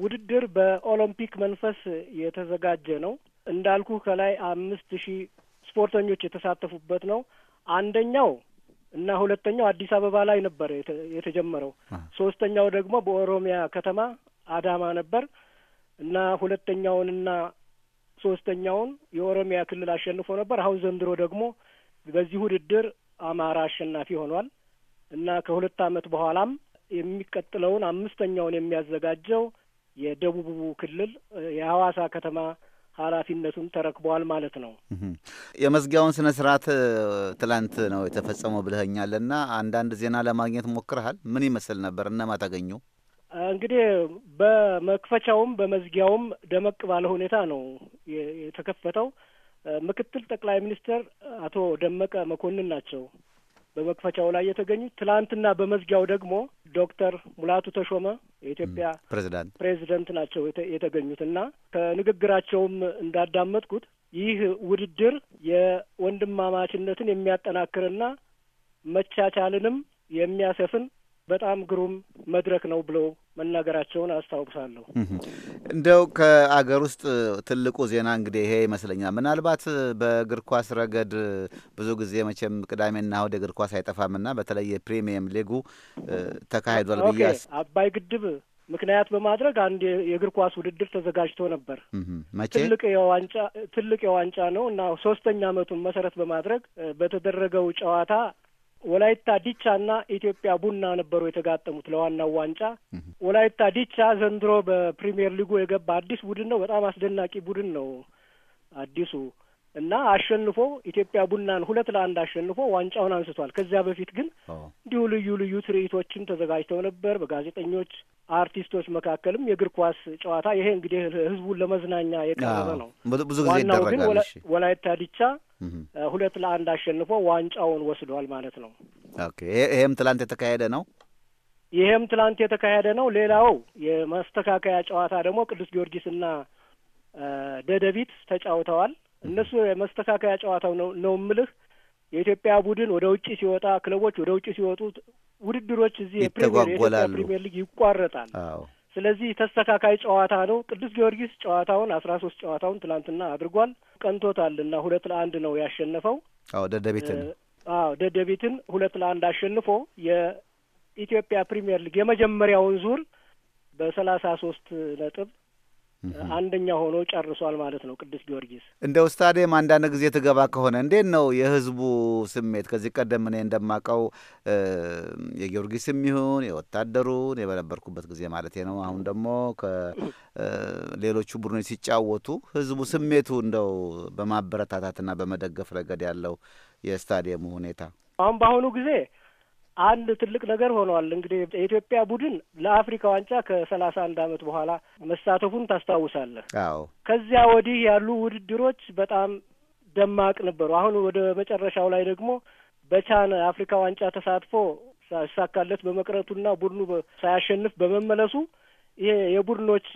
ውድድር በኦሎምፒክ መንፈስ የተዘጋጀ ነው። እንዳልኩ ከላይ አምስት ሺህ ስፖርተኞች የተሳተፉበት ነው። አንደኛው እና ሁለተኛው አዲስ አበባ ላይ ነበር የተጀመረው። ሶስተኛው ደግሞ በኦሮሚያ ከተማ አዳማ ነበር እና ሁለተኛውንና ሶስተኛውን የኦሮሚያ ክልል አሸንፎ ነበር። አሁን ዘንድሮ ደግሞ በዚህ ውድድር አማራ አሸናፊ ሆኗል። እና ከሁለት ዓመት በኋላም የሚቀጥለውን አምስተኛውን የሚያዘጋጀው የደቡቡ ክልል የሐዋሳ ከተማ ኃላፊነቱን ተረክቧል ማለት ነው። የመዝጊያውን ስነ ስርዓት ትላንት ነው የተፈጸመው ብልህኛል እና አንዳንድ ዜና ለማግኘት ሞክረሃል? ምን ይመስል ነበር? እነማ ታገኙ? እንግዲህ በመክፈቻውም በመዝጊያውም ደመቅ ባለ ሁኔታ ነው የተከፈተው። ምክትል ጠቅላይ ሚኒስትር አቶ ደመቀ መኮንን ናቸው በመክፈቻው ላይ የተገኙት። ትላንትና በመዝጊያው ደግሞ ዶክተር ሙላቱ ተሾመ የኢትዮጵያ ፕሬዚዳንት ፕሬዚደንት ናቸው የተገኙት እና ከንግግራቸውም እንዳዳመጥኩት ይህ ውድድር የወንድማማችነትን የሚያጠናክርና መቻቻልንም የሚያሰፍን በጣም ግሩም መድረክ ነው ብለው መናገራቸውን አስታውሳለሁ። እንደው ከአገር ውስጥ ትልቁ ዜና እንግዲህ ይሄ ይመስለኛል። ምናልባት በእግር ኳስ ረገድ ብዙ ጊዜ መቼም ቅዳሜና እሁድ እግር ኳስ አይጠፋምና በተለይ የፕሪሚየም ሊጉ ተካሂዷል ብያስ አባይ ግድብ ምክንያት በማድረግ አንድ የእግር ኳስ ውድድር ተዘጋጅቶ ነበር። መቼ ትልቅ የዋንጫ ትልቅ የዋንጫ ነው እና ሶስተኛ አመቱን መሰረት በማድረግ በተደረገው ጨዋታ ወላይታ ዲቻና ኢትዮጵያ ቡና ነበሩ የተጋጠሙት ለዋናው ዋንጫ። ወላይታ ዲቻ ዘንድሮ በፕሪሚየር ሊጉ የገባ አዲስ ቡድን ነው። በጣም አስደናቂ ቡድን ነው አዲሱ እና አሸንፎ ኢትዮጵያ ቡናን ሁለት ለአንድ አሸንፎ ዋንጫውን አንስቷል። ከዚያ በፊት ግን እንዲሁ ልዩ ልዩ ትርኢቶችን ተዘጋጅተው ነበር በጋዜጠኞች አርቲስቶች መካከልም የእግር ኳስ ጨዋታ ይሄ እንግዲህ ህዝቡን ለመዝናኛ የቀረበ ነው። ብዙ ጊዜ ዋናው ግን ወላይታ ዲቻ ሁለት ለአንድ አሸንፎ ዋንጫውን ወስዷል ማለት ነው። ይሄም ትላንት የተካሄደ ነው። ይሄም ትላንት የተካሄደ ነው። ሌላው የማስተካከያ ጨዋታ ደግሞ ቅዱስ ጊዮርጊስና ደደቢት ተጫውተዋል። እነሱ የመስተካከያ ጨዋታው ነው ነው የምልህ የኢትዮጵያ ቡድን ወደ ውጭ ሲወጣ ክለቦች ወደ ውጭ ሲወጡ ውድድሮች እዚህ የፕሪሚየር ፕሪሚየር ሊግ ይቋረጣል። ስለዚህ ተስተካካይ ጨዋታ ነው። ቅዱስ ጊዮርጊስ ጨዋታውን አስራ ሶስት ጨዋታውን ትላንትና አድርጓል። ቀንቶታል እና ሁለት ለአንድ ነው ያሸነፈው። አዎ ደደቤትን አዎ ደደቤትን ሁለት ለአንድ አሸንፎ የኢትዮጵያ ፕሪሚየር ሊግ የመጀመሪያውን ዙር በሰላሳ ሶስት ነጥብ አንደኛ ሆኖ ጨርሷል ማለት ነው። ቅዱስ ጊዮርጊስ እንደው ስታዲየም አንዳንድ ጊዜ ትገባ ከሆነ እንዴት ነው የህዝቡ ስሜት? ከዚህ ቀደም እኔ እንደማውቀው የጊዮርጊስም ይሁን የወታደሩን የበነበርኩበት ጊዜ ማለት ነው። አሁን ደግሞ ከሌሎቹ ቡድኖች ሲጫወቱ ህዝቡ ስሜቱ እንደው በማበረታታትና በመደገፍ ረገድ ያለው የስታዲየሙ ሁኔታ አሁን በአሁኑ ጊዜ አንድ ትልቅ ነገር ሆኗል እንግዲህ የኢትዮጵያ ቡድን ለአፍሪካ ዋንጫ ከሰላሳ አንድ አመት በኋላ መሳተፉን ታስታውሳለህ። አዎ። ከዚያ ወዲህ ያሉ ውድድሮች በጣም ደማቅ ነበሩ። አሁን ወደ መጨረሻው ላይ ደግሞ በቻን አፍሪካ ዋንጫ ተሳትፎ ሳይሳካለት በመቅረቱና ቡድኑ ሳያሸንፍ በመመለሱ ይሄ የቡድኖች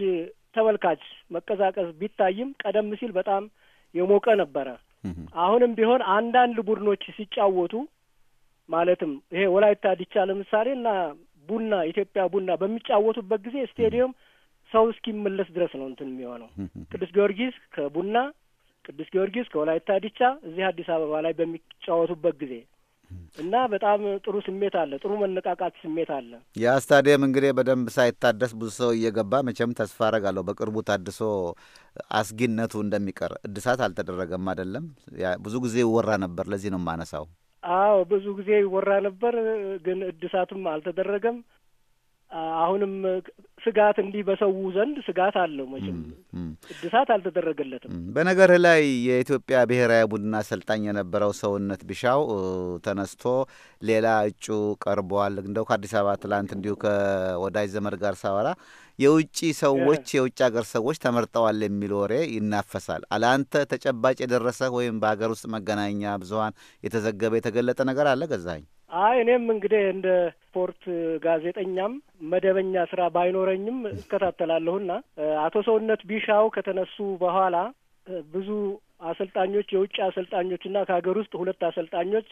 ተመልካች መቀዛቀዝ ቢታይም ቀደም ሲል በጣም የሞቀ ነበረ። አሁንም ቢሆን አንዳንድ ቡድኖች ሲጫወቱ ማለትም ይሄ ወላይታ ዲቻ ለምሳሌ እና ቡና ኢትዮጵያ ቡና በሚጫወቱበት ጊዜ ስቴዲየም ሰው እስኪመለስ ድረስ ነው እንትን የሚሆነው። [laughs] ቅዱስ ጊዮርጊስ ከቡና ቅዱስ ጊዮርጊስ ከወላይታ ዲቻ እዚህ አዲስ አበባ ላይ በሚጫወቱበት ጊዜ እና በጣም ጥሩ ስሜት አለ። ጥሩ መነቃቃት ስሜት አለ። ያ ስታዲየም እንግዲህ በደንብ ሳይታደስ ብዙ ሰው እየገባ መቼም ተስፋ አረጋለሁ በቅርቡ ታድሶ አስጊነቱ እንደሚቀር። እድሳት አልተደረገም አይደለም? ብዙ ጊዜ ይወራ ነበር። ለዚህ ነው የማነሳው። አዎ ብዙ ጊዜ ይወራ ነበር፣ ግን እድሳቱም አልተደረገም። አሁንም ስጋት እንዲህ በሰው ዘንድ ስጋት አለው። መቼም እድሳት አልተደረገለትም። በነገርህ ላይ የኢትዮጵያ ብሔራዊ ቡድን አሰልጣኝ የነበረው ሰውነት ቢሻው ተነስቶ ሌላ እጩ ቀርቧል። እንደው ከአዲስ አበባ ትላንት እንዲሁ ከወዳጅ ዘመድ ጋር ሳወራ የውጭ ሰዎች የውጭ ሀገር ሰዎች ተመርጠዋል የሚል ወሬ ይናፈሳል። አለአንተ ተጨባጭ የደረሰ ወይም በሀገር ውስጥ መገናኛ ብዙኃን የተዘገበ የተገለጠ ነገር አለ ገዛኸኝ? አይ እኔም እንግዲህ እንደ ስፖርት ጋዜጠኛም መደበኛ ስራ ባይኖረኝም እከታተላለሁና አቶ ሰውነት ቢሻው ከተነሱ በኋላ ብዙ አሰልጣኞች የውጭ አሰልጣኞችና ከሀገር ውስጥ ሁለት አሰልጣኞች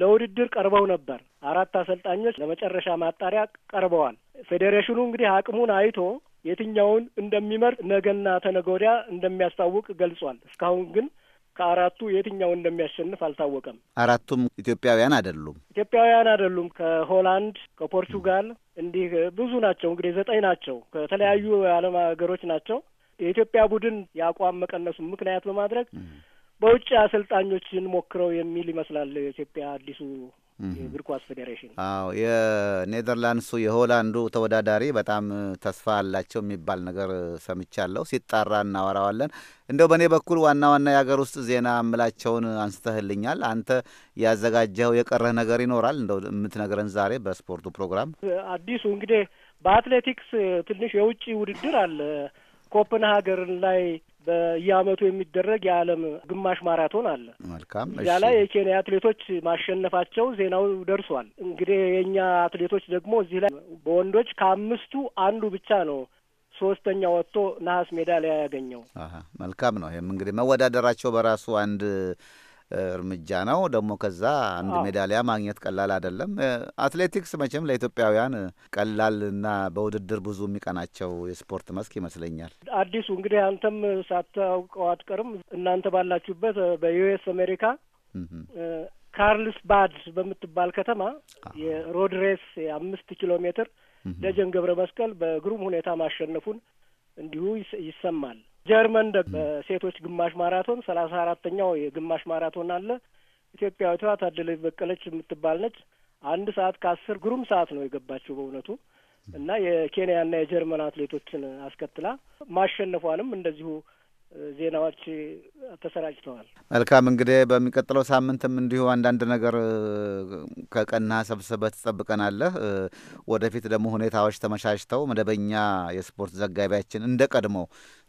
ለውድድር ቀርበው ነበር። አራት አሰልጣኞች ለመጨረሻ ማጣሪያ ቀርበዋል። ፌዴሬሽኑ እንግዲህ አቅሙን አይቶ የትኛውን እንደሚመርጥ ነገና ተነገ ወዲያ እንደሚያስታውቅ ገልጿል። እስካሁን ግን ከአራቱ የትኛው እንደሚያሸንፍ አልታወቀም። አራቱም ኢትዮጵያውያን አይደሉም ኢትዮጵያውያን አይደሉም። ከሆላንድ፣ ከፖርቹጋል እንዲህ ብዙ ናቸው። እንግዲህ ዘጠኝ ናቸው። ከተለያዩ የዓለም ሀገሮች ናቸው። የኢትዮጵያ ቡድን የአቋም መቀነሱን ምክንያት በማድረግ በውጭ አሰልጣኞችን ሞክረው የሚል ይመስላል የኢትዮጵያ አዲሱ የእግር ኳስ ፌዴሬሽን። አዎ የኔዘርላንድሱ የሆላንዱ ተወዳዳሪ በጣም ተስፋ አላቸው የሚባል ነገር ሰምቻለሁ። ሲጣራ እናወራዋለን። እንደው በእኔ በኩል ዋና ዋና የሀገር ውስጥ ዜና እምላቸውን አንስተህልኛል። አንተ ያዘጋጀኸው የቀረህ ነገር ይኖራል እንደው የምትነግረን ዛሬ በስፖርቱ ፕሮግራም? አዲሱ እንግዲህ በአትሌቲክስ ትንሽ የውጭ ውድድር አለ ኮፕንሃገርን ላይ በየአመቱ የሚደረግ የዓለም ግማሽ ማራቶን አለ። መልካም እዚያ ላይ የኬንያ አትሌቶች ማሸነፋቸው ዜናው ደርሷል። እንግዲህ የእኛ አትሌቶች ደግሞ እዚህ ላይ በወንዶች ከአምስቱ አንዱ ብቻ ነው ሶስተኛ ወጥቶ ነሐስ ሜዳሊያ ያገኘው። መልካም ነው። ይህም እንግዲህ መወዳደራቸው በራሱ አንድ እርምጃ ነው። ደግሞ ከዛ አንድ ሜዳሊያ ማግኘት ቀላል አይደለም። አትሌቲክስ መቼም ለኢትዮጵያውያን ቀላልና በውድድር ብዙ የሚቀናቸው የስፖርት መስክ ይመስለኛል። አዲሱ እንግዲህ አንተም ሳታውቀው አትቀርም። እናንተ ባላችሁበት በዩኤስ አሜሪካ ካርልስ ባድ በምትባል ከተማ የሮድ ሬስ የአምስት ኪሎ ሜትር ደጀን ገብረ መስቀል በግሩም ሁኔታ ማሸነፉን እንዲሁ ይሰማል። ጀርመን በሴቶች ግማሽ ማራቶን ሰላሳ አራተኛው የግማሽ ማራቶን አለ። ኢትዮጵያዊቷ ታደለች በቀለች የምትባል ነች። አንድ ሰዓት ከአስር ግሩም ሰዓት ነው የገባችው በእውነቱ እና የኬንያና የጀርመን አትሌቶችን አስከትላ ማሸነፏንም እንደዚሁ ዜናዎች ተሰራጭተዋል። መልካም እንግዲህ በሚቀጥለው ሳምንትም እንዲሁ አንዳንድ ነገር ከቀና ሰብስበህ ትጠብቀናለህ። ወደፊት ደግሞ ሁኔታዎች ተመቻችተው መደበኛ የስፖርት ዘጋቢያችን እንደ ቀድሞ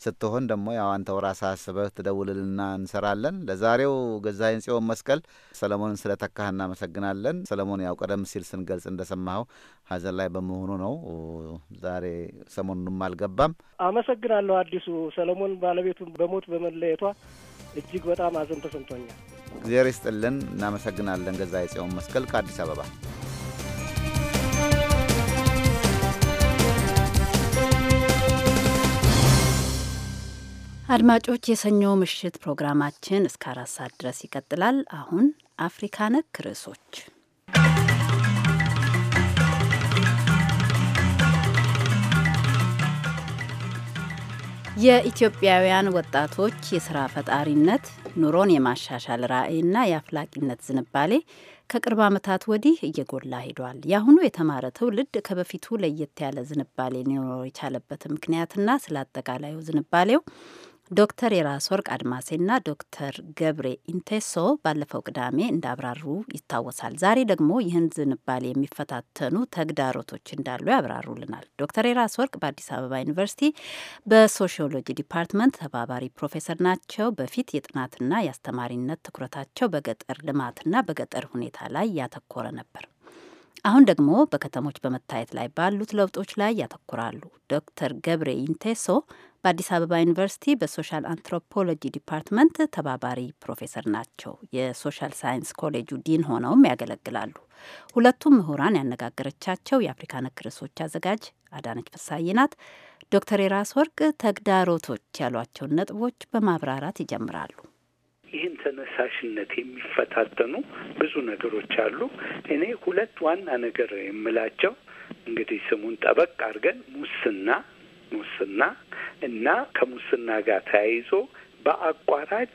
ስትሆን ደግሞ ያው አንተው ራስህ አስበህ ትደውልልና እንሰራለን። ለዛሬው ገዛኸኝ ጽዮን መስቀል ሰለሞንን ስለተካህ እናመሰግናለን። ሰለሞን ያው ቀደም ሲል ስንገልጽ እንደሰማኸው ሀዘን ላይ በመሆኑ ነው። ዛሬ ሰሞኑንም አልገባም። አመሰግናለሁ አዲሱ ሰለሞን። ባለቤቱ በሞት በመለየቷ እጅግ በጣም ሀዘን ተሰምቶኛል። እግዚአብሔር ይስጥልን። እናመሰግናለን። ገዛ የጽዮን መስቀል ከአዲስ አበባ አድማጮች የሰኞ ምሽት ፕሮግራማችን እስከ አራት ሰዓት ድረስ ይቀጥላል። አሁን አፍሪካ ነክ ርዕሶች የኢትዮጵያውያን ወጣቶች የስራ ፈጣሪነት ኑሮን የማሻሻል ራዕይና የአፍላቂነት ዝንባሌ ከቅርብ ዓመታት ወዲህ እየጎላ ሂዷል። የአሁኑ የተማረ ትውልድ ከበፊቱ ለየት ያለ ዝንባሌ ሊኖረው የቻለበት ምክንያትና ስለ አጠቃላዩ ዝንባሌው ዶክተር የራስ ወርቅ አድማሴና ዶክተር ገብሬ ኢንቴሶ ባለፈው ቅዳሜ እንዳብራሩ ይታወሳል። ዛሬ ደግሞ ይህን ዝንባሌ የሚፈታተኑ ተግዳሮቶች እንዳሉ ያብራሩልናል። ዶክተር የራስ ወርቅ በአዲስ አበባ ዩኒቨርሲቲ በሶሽዮሎጂ ዲፓርትመንት ተባባሪ ፕሮፌሰር ናቸው። በፊት የጥናትና የአስተማሪነት ትኩረታቸው በገጠር ልማትና በገጠር ሁኔታ ላይ ያተኮረ ነበር። አሁን ደግሞ በከተሞች በመታየት ላይ ባሉት ለውጦች ላይ ያተኩራሉ። ዶክተር ገብሬ ይንቴሶ በአዲስ አበባ ዩኒቨርሲቲ በሶሻል አንትሮፖሎጂ ዲፓርትመንት ተባባሪ ፕሮፌሰር ናቸው። የሶሻል ሳይንስ ኮሌጁ ዲን ሆነውም ያገለግላሉ። ሁለቱም ምሁራን ያነጋገረቻቸው የአፍሪካ ነክ ርዕሶች አዘጋጅ አዳነች ፍሳዬ ናት። ዶክተር የራስ ወርቅ ተግዳሮቶች ያሏቸውን ነጥቦች በማብራራት ይጀምራሉ። ይህን ተነሳሽነት የሚፈታተኑ ብዙ ነገሮች አሉ። እኔ ሁለት ዋና ነገር የምላቸው እንግዲህ ስሙን ጠበቅ አድርገን ሙስና ሙስና እና ከሙስና ጋር ተያይዞ በአቋራጭ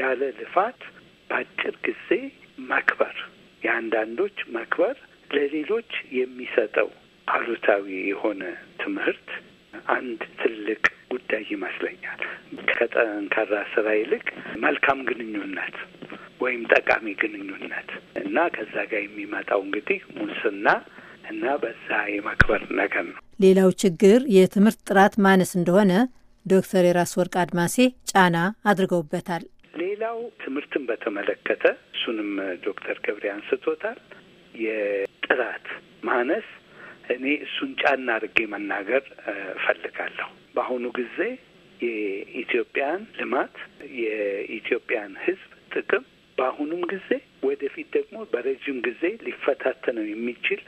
ያለ ልፋት በአጭር ጊዜ መክበር የአንዳንዶች መክበር ለሌሎች የሚሰጠው አሉታዊ የሆነ ትምህርት አንድ ትልቅ ጉዳይ ይመስለኛል። ከጠንካራ ስራ ይልቅ መልካም ግንኙነት ወይም ጠቃሚ ግንኙነት እና ከዛ ጋር የሚመጣው እንግዲህ ሙስና እና በዛ የመክበር ነገር ነው። ሌላው ችግር የትምህርት ጥራት ማነስ እንደሆነ ዶክተር የራስ ወርቅ አድማሴ ጫና አድርገውበታል። ሌላው ትምህርትን በተመለከተ እሱንም ዶክተር ገብሬ አንስቶታል። የጥራት ማነስ እኔ እሱን ጫና አድርጌ መናገር እፈልጋለሁ። በአሁኑ ጊዜ የኢትዮጵያን ልማት የኢትዮጵያን ሕዝብ ጥቅም በአሁኑም ጊዜ ወደፊት ደግሞ በረጅም ጊዜ ሊፈታተነው የሚችል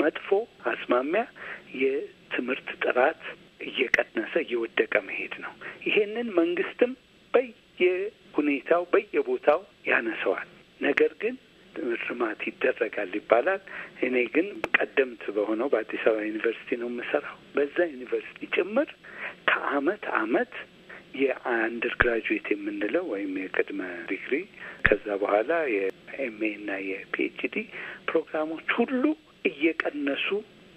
መጥፎ አስማሚያ የትምህርት ጥራት እየቀነሰ እየወደቀ መሄድ ነው። ይሄንን መንግስትም በየሁኔታው በየቦታው ያነሰዋል። ነገር ግን ርማት ይደረጋል ይባላል። እኔ ግን ቀደምት በሆነው በአዲስ አበባ ዩኒቨርሲቲ ነው የምሰራው። በዛ ዩኒቨርሲቲ ጭምር ከአመት አመት የአንደር ግራጁዌት የምንለው ወይም የቅድመ ዲግሪ ከዛ በኋላ የኤምኤ እና የፒኤችዲ ፕሮግራሞች ሁሉ እየቀነሱ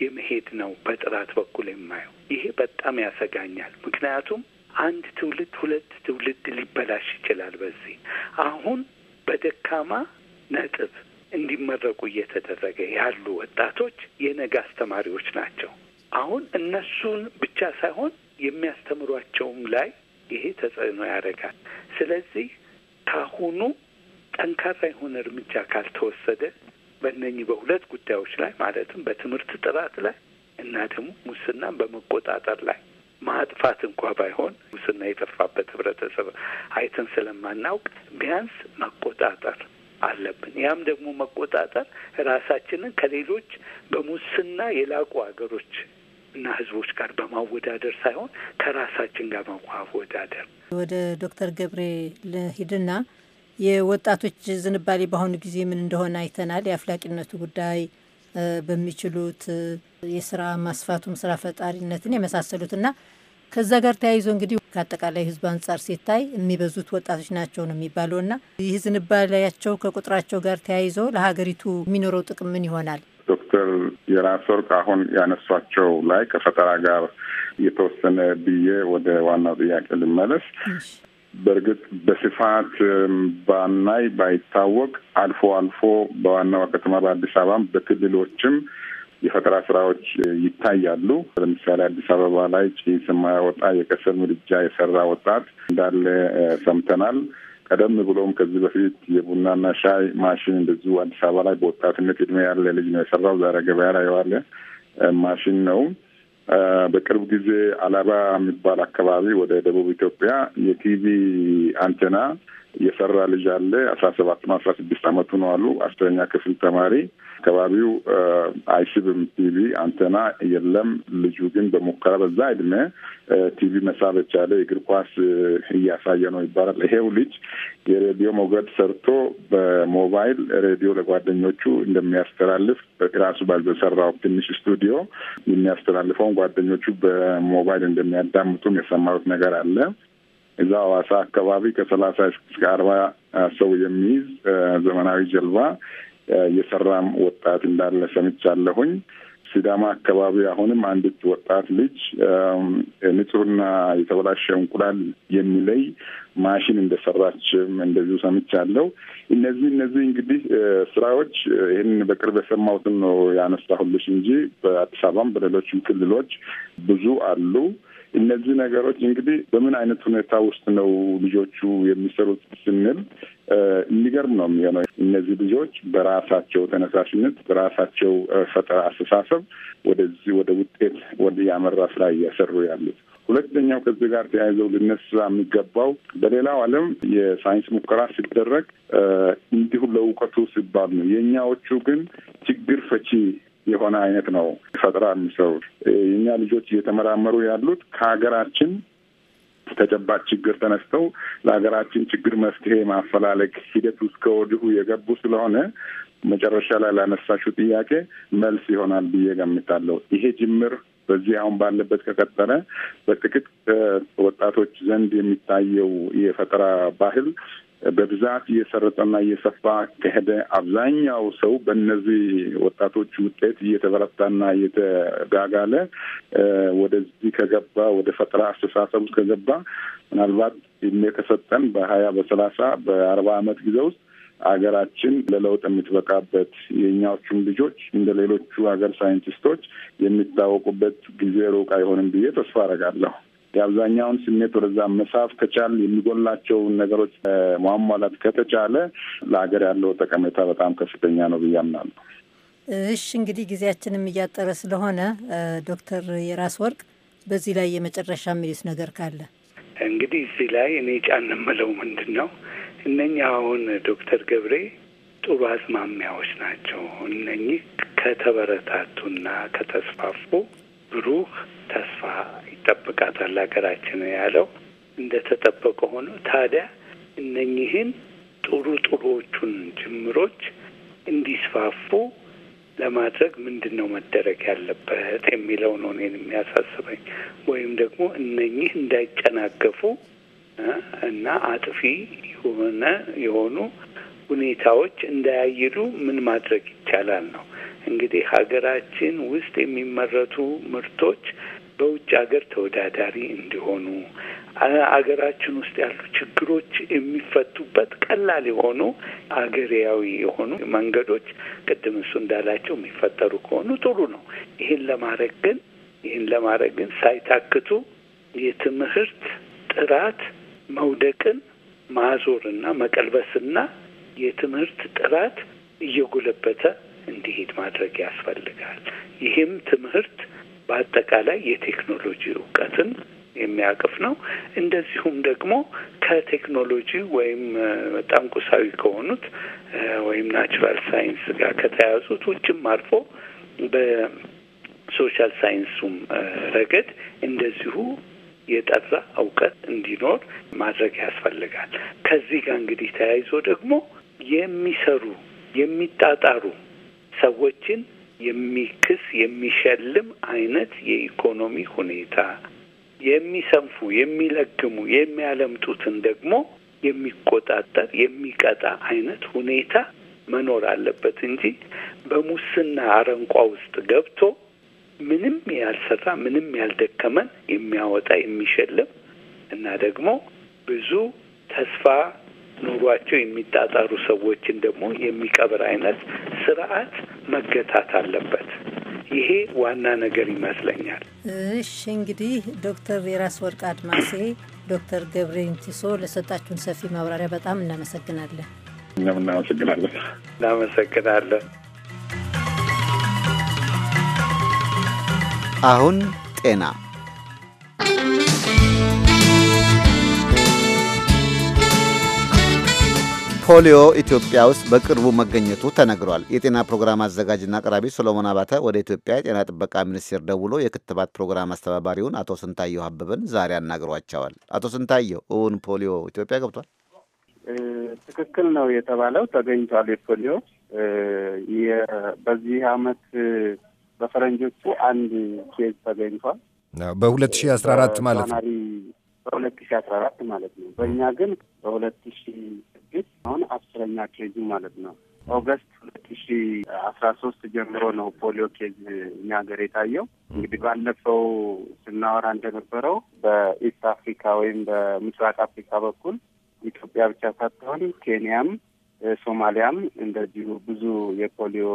የመሄድ ነው በጥራት በኩል የማየው። ይሄ በጣም ያሰጋኛል። ምክንያቱም አንድ ትውልድ ሁለት ትውልድ ሊበላሽ ይችላል። በዚህ አሁን በደካማ ነጥብ እንዲመረቁ እየተደረገ ያሉ ወጣቶች የነገ አስተማሪዎች ናቸው። አሁን እነሱን ብቻ ሳይሆን የሚያስተምሯቸውም ላይ ይሄ ተጽዕኖ ያደርጋል። ስለዚህ ካሁኑ ጠንካራ የሆነ እርምጃ ካልተወሰደ በእነኚህ በሁለት ጉዳዮች ላይ ማለትም በትምህርት ጥራት ላይ እና ደግሞ ሙስናን በመቆጣጠር ላይ ማጥፋት እንኳ ባይሆን ሙስና የጠፋበት ህብረተሰብ አይተን ስለማናውቅ ቢያንስ መቆጣጠር አለብን። ያም ደግሞ መቆጣጠር ራሳችንን ከሌሎች በሙስና የላቁ ሀገሮች እና ህዝቦች ጋር በማወዳደር ሳይሆን ከራሳችን ጋር በማወዳደር። ወደ ዶክተር ገብሬ ልሂድና የወጣቶች ዝንባሌ በአሁኑ ጊዜ ምን እንደሆነ አይተናል። የአፍላቂነቱ ጉዳይ በሚችሉት የስራ ማስፋቱም ስራ ፈጣሪነትን የመሳሰሉትና ከዛ ጋር ተያይዞ እንግዲህ ከአጠቃላይ ህዝብ አንጻር ሲታይ የሚበዙት ወጣቶች ናቸው ነው የሚባለው እና ይህ ዝንባሌያቸው ከቁጥራቸው ጋር ተያይዞ ለሀገሪቱ የሚኖረው ጥቅም ምን ይሆናል? ዶክተር የራስ ወርቅ አሁን ያነሷቸው ላይ ከፈጠራ ጋር የተወሰነ ብዬ ወደ ዋናው ጥያቄ ልመለስ። በእርግጥ በስፋት ባናይ ባይታወቅ አልፎ አልፎ በዋናዋ ከተማ በአዲስ አበባም በክልሎችም የፈጠራ ስራዎች ይታያሉ። ለምሳሌ አዲስ አበባ ላይ ጭስ የማያወጣ የከሰል ምድጃ የሰራ ወጣት እንዳለ ሰምተናል። ቀደም ብሎም ከዚህ በፊት የቡናና ሻይ ማሽን እንደዚሁ አዲስ አበባ ላይ በወጣትነት እድሜ ያለ ልጅ ነው የሰራው። ዛሬ ገበያ ላይ የዋለ ማሽን ነው። በቅርብ ጊዜ አላባ የሚባል አካባቢ ወደ ደቡብ ኢትዮጵያ የቲቪ አንቴና የሰራ ልጅ አለ አስራ ሰባት ና አስራ ስድስት አመቱ ነው አሉ አስረኛ ክፍል ተማሪ አካባቢው አይስብም ቲቪ አንተና የለም ልጁ ግን በሙከራ በዛ እድሜ ቲቪ መሳብ የቻለ እግር ኳስ እያሳየ ነው ይባላል ይሄው ልጅ የሬዲዮ ሞገድ ሰርቶ በሞባይል ሬዲዮ ለጓደኞቹ እንደሚያስተላልፍ ራሱ ባልበሰራው ትንሽ ስቱዲዮ የሚያስተላልፈውን ጓደኞቹ በሞባይል እንደሚያዳምጡም የሰማሩት ነገር አለ እዛ ሐዋሳ አካባቢ ከሰላሳ እስከ አርባ ሰው የሚይዝ ዘመናዊ ጀልባ የሰራም ወጣት እንዳለ ሰምቻለሁኝ። ሲዳማ አካባቢ አሁንም አንዲት ወጣት ልጅ ንጹህና የተበላሸ እንቁላል የሚለይ ማሽን እንደሰራችም እንደዚሁ ሰምቻለሁ። እነዚህ እነዚህ እንግዲህ ስራዎች ይህን በቅርብ የሰማሁትን ነው ያነሳሁልሽ እንጂ በአዲስ አበባም በሌሎችም ክልሎች ብዙ አሉ። እነዚህ ነገሮች እንግዲህ በምን አይነት ሁኔታ ውስጥ ነው ልጆቹ የሚሰሩት ስንል የሚገርም ነው የሚሆነው። እነዚህ ልጆች በራሳቸው ተነሳሽነት በራሳቸው ፈጠራ አስተሳሰብ ወደዚህ ወደ ውጤት ወደ ያመራ ስራ እያሰሩ ያሉት። ሁለተኛው ከዚህ ጋር ተያይዘው ልነሳ የሚገባው በሌላው ዓለም የሳይንስ ሙከራ ሲደረግ እንዲሁ ለእውቀቱ ሲባል ነው። የእኛዎቹ ግን ችግር ፈቺ የሆነ አይነት ነው ፈጠራ ሚሰሩ የእኛ ልጆች እየተመራመሩ ያሉት ከሀገራችን ተጨባጭ ችግር ተነስተው ለሀገራችን ችግር መፍትሄ ማፈላለግ ሂደት ውስጥ ከወዲሁ የገቡ ስለሆነ መጨረሻ ላይ ላነሳሹ ጥያቄ መልስ ይሆናል ብዬ ገምታለሁ። ይሄ ጅምር በዚህ አሁን ባለበት ከቀጠለ በጥቂት ወጣቶች ዘንድ የሚታየው የፈጠራ ባህል በብዛት እየሰረጠና እየሰፋ ከሄደ አብዛኛው ሰው በእነዚህ ወጣቶች ውጤት እየተበረታና እየተጋጋለ ወደዚህ ከገባ ወደ ፈጠራ አስተሳሰብ ውስጥ ከገባ ምናልባት እድሜ ከሰጠን በሀያ በሰላሳ በአርባ አመት ጊዜ ውስጥ አገራችን ለለውጥ የምትበቃበት የእኛዎቹም ልጆች እንደ ሌሎቹ ሀገር ሳይንቲስቶች የሚታወቁበት ጊዜ ሩቅ አይሆንም ብዬ ተስፋ አረጋለሁ። የአብዛኛውን ስሜት ወደዛ መሳብ ከቻል የሚጎላቸውን ነገሮች ማሟላት ከተቻለ ለሀገር ያለው ጠቀሜታ በጣም ከፍተኛ ነው ብዬ አምናለሁ። እሽ እንግዲህ ጊዜያችንም እያጠረ ስለሆነ ዶክተር የራስ ወርቅ በዚህ ላይ የመጨረሻ የሚሉት ነገር ካለ እንግዲህ እዚህ ላይ እኔ ጫን የምለው ምንድን ነው እነኛ አሁን ዶክተር ገብሬ ጥሩ አዝማሚያዎች ናቸው። እነኚህ ከተበረታቱና ከተስፋፉ ብሩህ ተስፋ ይጠብቃታል ሀገራችን ያለው እንደ ተጠበቀ ሆኖ ታዲያ እነኚህን ጥሩ ጥሩዎቹን ጅምሮች እንዲስፋፉ ለማድረግ ምንድን ነው መደረግ ያለበት የሚለው ነው እኔን የሚያሳስበኝ። ወይም ደግሞ እነኚህ እንዳይጨናገፉ እና አጥፊ የሆነ የሆኑ ሁኔታዎች እንዳያይሉ ምን ማድረግ ይቻላል ነው። እንግዲህ ሀገራችን ውስጥ የሚመረቱ ምርቶች በውጭ ሀገር ተወዳዳሪ እንዲሆኑ አገራችን ውስጥ ያሉ ችግሮች የሚፈቱበት ቀላል የሆኑ አገሪያዊ የሆኑ መንገዶች ቅድም እሱ እንዳላቸው የሚፈጠሩ ከሆኑ ጥሩ ነው። ይህን ለማድረግ ግን ይህን ለማድረግ ግን ሳይታክቱ የትምህርት ጥራት መውደቅን ማዞርና መቀልበስና የትምህርት ጥራት እየጎለበተ እንዲሄድ ማድረግ ያስፈልጋል። ይህም ትምህርት በአጠቃላይ የቴክኖሎጂ እውቀትን የሚያቅፍ ነው። እንደዚሁም ደግሞ ከቴክኖሎጂ ወይም በጣም ቁሳዊ ከሆኑት ወይም ናቹራል ሳይንስ ጋር ከተያያዙት ውጭም አልፎ በሶሻል ሳይንሱም ረገድ እንደዚሁ የጠራ እውቀት እንዲኖር ማድረግ ያስፈልጋል። ከዚህ ጋር እንግዲህ ተያይዞ ደግሞ የሚሰሩ የሚጣጣሩ ሰዎችን የሚክስ የሚሸልም አይነት የኢኮኖሚ ሁኔታ የሚሰንፉ የሚለግሙ የሚያለምጡትን ደግሞ የሚቆጣጠር የሚቀጣ አይነት ሁኔታ መኖር አለበት እንጂ በሙስና አረንቋ ውስጥ ገብቶ ምንም ያልሰራ ምንም ያልደከመን የሚያወጣ የሚሸልም እና ደግሞ ብዙ ተስፋ ኑሯቸው የሚጣጣሩ ሰዎችን ደግሞ የሚቀብር አይነት ስርዓት መገታት አለበት። ይሄ ዋና ነገር ይመስለኛል። እሺ እንግዲህ ዶክተር የራስ ወርቅ አድማሴ፣ ዶክተር ገብሬ ቲሶ ለሰጣችሁን ሰፊ ማብራሪያ በጣም እናመሰግናለን። እናመሰግናለን። እናመሰግናለን። አሁን ጤና ፖሊዮ ኢትዮጵያ ውስጥ በቅርቡ መገኘቱ ተነግሯል። የጤና ፕሮግራም አዘጋጅና አቅራቢ ሶሎሞን አባተ ወደ ኢትዮጵያ የጤና ጥበቃ ሚኒስቴር ደውሎ የክትባት ፕሮግራም አስተባባሪውን አቶ ስንታየሁ አበበን ዛሬ አናግሯቸዋል። አቶ ስንታየሁ፣ እውን ፖሊዮ ኢትዮጵያ ገብቷል? ትክክል ነው የተባለው ተገኝቷል። የፖሊዮ በዚህ አመት በፈረንጆቹ አንድ ኬዝ ተገኝቷል። በሁለት ሺ አስራ አራት ማለት ነው። በሁለት ሺ አስራ አራት ማለት ነው። በእኛ ግን በሁለት ሺ ግን አሁን አስረኛ ኬዝ ማለት ነው ኦገስት ሁለት ሺ አስራ ሶስት ጀምሮ ነው ፖሊዮ ኬዝ እኛ ሀገር የታየው። እንግዲህ ባለፈው ስናወራ እንደነበረው በኢስት አፍሪካ ወይም በምስራቅ አፍሪካ በኩል ኢትዮጵያ ብቻ ሳትሆን ኬንያም ሶማሊያም እንደዚሁ ብዙ የፖሊዮ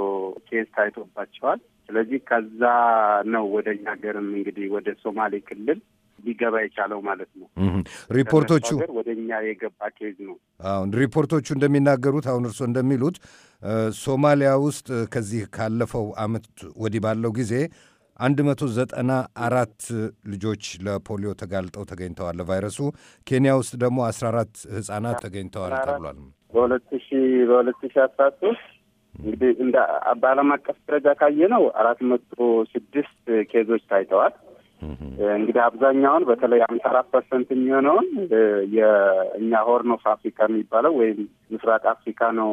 ኬዝ ታይቶባቸዋል። ስለዚህ ከዛ ነው ወደ እኛ ሀገርም እንግዲህ ወደ ሶማሌ ክልል ሊገባ የቻለው ማለት ነው። ሪፖርቶቹ ወደ እኛ የገባ ኬዝ ነው። አሁን ሪፖርቶቹ እንደሚናገሩት አሁን እርስዎ እንደሚሉት ሶማሊያ ውስጥ ከዚህ ካለፈው ዓመት ወዲህ ባለው ጊዜ አንድ መቶ ዘጠና አራት ልጆች ለፖሊዮ ተጋልጠው ተገኝተዋል ለቫይረሱ። ኬንያ ውስጥ ደግሞ አስራ አራት ህጻናት ተገኝተዋል ተብሏል። በሁለት ሺ በሁለት ሺ አስራ ሶስት እንግዲህ እንደ በዓለም አቀፍ ደረጃ ካየ ነው አራት መቶ ስድስት ኬዞች ታይተዋል። እንግዲህ አብዛኛውን በተለይ አምሳ አራት ፐርሰንት የሚሆነውን የእኛ ሆርን ኦፍ አፍሪካ የሚባለው ወይም ምስራቅ አፍሪካ ነው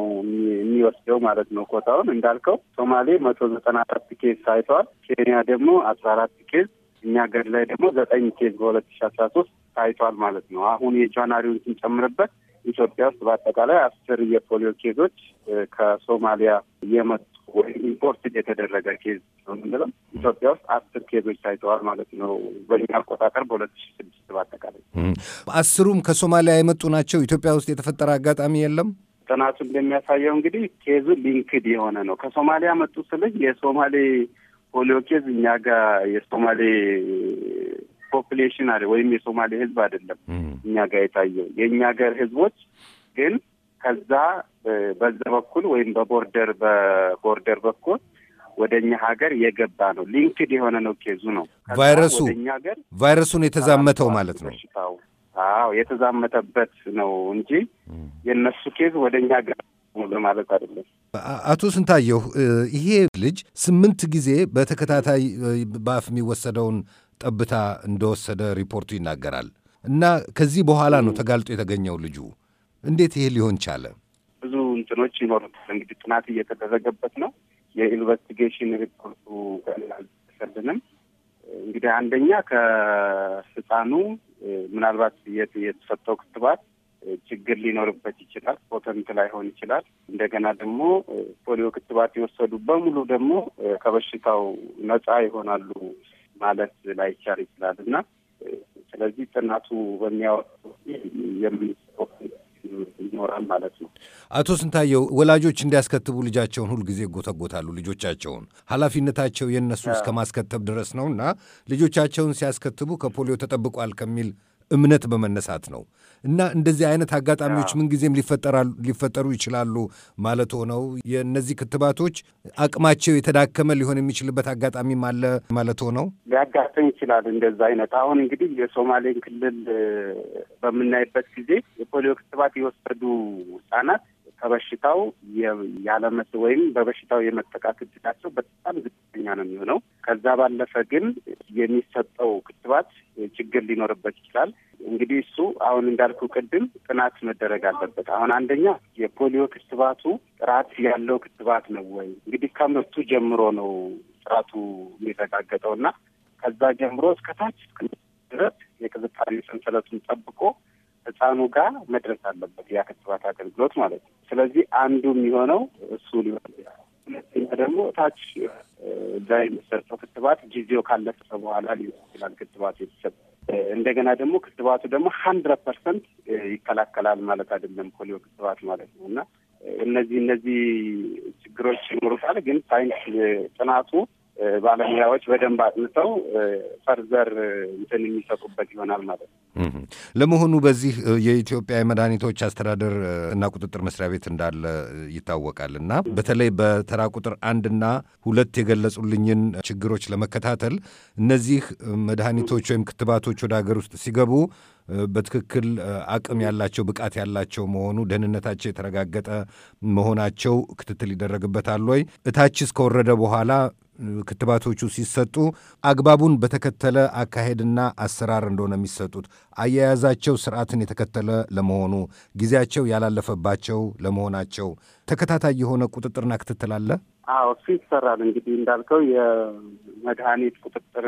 የሚወስደው ማለት ነው ኮታውን። እንዳልከው ሶማሌ መቶ ዘጠና አራት ኬዝ ታይቷል። ኬንያ ደግሞ አስራ አራት ኬዝ እኛ ገድ ላይ ደግሞ ዘጠኝ ኬዝ በሁለት ሺ አስራ ሶስት ታይቷል ማለት ነው። አሁን የጃንዋሪውን ስንጨምርበት ኢትዮጵያ ውስጥ በአጠቃላይ አስር የፖሊዮ ኬዞች ከሶማሊያ የመጡ ወይ ኢምፖርት የተደረገ ኬዝ ነው የምንለው። ኢትዮጵያ ውስጥ አስር ኬዞች ታይተዋል ማለት ነው በኛ አቆጣጠር በሁለት ሺ ስድስት በአጠቃላይ አስሩም ከሶማሊያ የመጡ ናቸው። ኢትዮጵያ ውስጥ የተፈጠረ አጋጣሚ የለም። ጥናቱ እንደሚያሳየው እንግዲህ ኬዙ ሊንክድ የሆነ ነው። ከሶማሊያ መጡ ስልህ የሶማሌ ፖሊዮ ኬዝ እኛ ጋር የሶማሌ ፖፕሌሽን አለ ወይም የሶማሌ ህዝብ አይደለም እኛ ጋር የታየው የእኛ ሀገር ህዝቦች ግን ከዛ በዛ በኩል ወይም በቦርደር በቦርደር በኩል ወደ እኛ ሀገር የገባ ነው። ሊንክድ የሆነ ነው ኬዙ ነው ቫይረሱ ቫይረሱን የተዛመተው ማለት ነው። አዎ የተዛመተበት ነው እንጂ የነሱ ኬዝ ወደ እኛ ሀገር አቶ ስንታየሁ ይሄ ልጅ ስምንት ጊዜ በተከታታይ በአፍ የሚወሰደውን ጠብታ እንደወሰደ ሪፖርቱ ይናገራል። እና ከዚህ በኋላ ነው ተጋልጦ የተገኘው ልጁ። እንዴት ይሄ ሊሆን ቻለ? ብዙ እንትኖች ይኖሩታል። እንግዲህ ጥናት እየተደረገበት ነው። የኢንቨስቲጌሽን ሪፖርቱ አልተሰልንም። እንግዲህ አንደኛ ከህፃኑ ምናልባት የተሰጠው ክትባት ችግር ሊኖርበት ይችላል። ፖተንት ላይሆን ይችላል። እንደገና ደግሞ ፖሊዮ ክትባት የወሰዱ በሙሉ ደግሞ ከበሽታው ነፃ ይሆናሉ ማለት ላይቻል ይችላል እና ስለዚህ ጥናቱ በሚያወጡ የምንሰው ይኖራል ማለት ነው። አቶ ስንታየው ወላጆች እንዲያስከትቡ ልጃቸውን ሁልጊዜ ጎተጎታሉ ልጆቻቸውን ኃላፊነታቸው የእነሱ እስከ ማስከተብ ድረስ ነው እና ልጆቻቸውን ሲያስከትቡ ከፖሊዮ ተጠብቋል ከሚል እምነት በመነሳት ነው እና እንደዚህ አይነት አጋጣሚዎች ምንጊዜም ሊፈጠሩ ይችላሉ ማለት ነው። የእነዚህ ክትባቶች አቅማቸው የተዳከመ ሊሆን የሚችልበት አጋጣሚም አለ ማለት ነው። ሊያጋጥም ይችላል እንደዚ አይነት አሁን እንግዲህ የሶማሌን ክልል በምናይበት ጊዜ የፖሊዮ ክትባት የወሰዱ ህጻናት ከበሽታው ያለመት ወይም በበሽታው የመጠቃት እድላቸው በጣም ዝቅተኛ ነው የሚሆነው። ከዛ ባለፈ ግን የሚሰጠው ክትባት ችግር ሊኖርበት ይችላል። እንግዲህ እሱ አሁን እንዳልኩ ቅድም ጥናት መደረግ አለበት። አሁን አንደኛ የፖሊዮ ክትባቱ ጥራት ያለው ክትባት ነው ወይ? እንግዲህ ከምርቱ ጀምሮ ነው ጥራቱ የሚረጋገጠው እና ከዛ ጀምሮ እስከታች ድረስ የቅዝቃዜ ሰንሰለቱን ጠብቆ ህፃኑ ጋር መድረስ አለበት ያ ክትባት አገልግሎት ማለት ነው። ስለዚህ አንዱ የሚሆነው እሱ ሊሆን ሁለተኛ ደግሞ ታች እዛ የሚሰጠው ክትባት ጊዜው ካለፈ በኋላ ሊሆን ይችላል ክትባቱ የተሰጠ። እንደገና ደግሞ ክትባቱ ደግሞ ሀንድረድ ፐርሰንት ይከላከላል ማለት አይደለም ፖሊዮ ክትባት ማለት ነው እና እነዚህ እነዚህ ችግሮች ይኖሩታል። ግን ሳይንስ ጥናቱ ባለሙያዎች በደንብ አጥንተው ፈርዘር እንትን የሚሰጡበት ይሆናል ማለት ነው። ለመሆኑ በዚህ የኢትዮጵያ የመድኃኒቶች አስተዳደር እና ቁጥጥር መስሪያ ቤት እንዳለ ይታወቃል እና በተለይ በተራ ቁጥር አንድና ሁለት የገለጹልኝን ችግሮች ለመከታተል እነዚህ መድኃኒቶች ወይም ክትባቶች ወደ ሀገር ውስጥ ሲገቡ በትክክል አቅም ያላቸው ብቃት ያላቸው መሆኑ ደህንነታቸው የተረጋገጠ መሆናቸው ክትትል ይደረግበታል ወይ? እታች እስከወረደ በኋላ ክትባቶቹ ሲሰጡ አግባቡን በተከተለ አካሄድና አሰራር እንደሆነ የሚሰጡት አያያዛቸው ስርዓትን የተከተለ ለመሆኑ ጊዜያቸው ያላለፈባቸው ለመሆናቸው ተከታታይ የሆነ ቁጥጥርና ክትትል አለ። አዎ እሱ ይሰራል። እንግዲህ እንዳልከው የመድኃኒት ቁጥጥር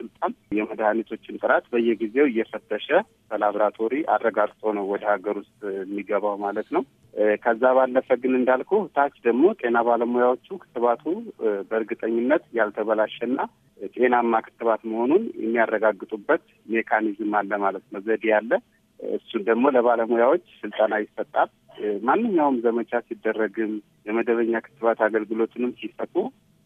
ስልጣን የመድኃኒቶችን ጥራት በየጊዜው እየፈተሸ በላብራቶሪ አረጋግጦ ነው ወደ ሀገር ውስጥ የሚገባው ማለት ነው። ከዛ ባለፈ ግን እንዳልኩ ታች ደግሞ ጤና ባለሙያዎቹ ክትባቱ በእርግጠኝነት ያልተበላሸና ጤናማ ክትባት መሆኑን የሚያረጋግጡበት ሜካኒዝም አለ ማለት ነው፣ ዘዴ አለ። እሱን ደግሞ ለባለሙያዎች ስልጠና ይሰጣል። ማንኛውም ዘመቻ ሲደረግም የመደበኛ ክትባት አገልግሎትንም ሲሰጡ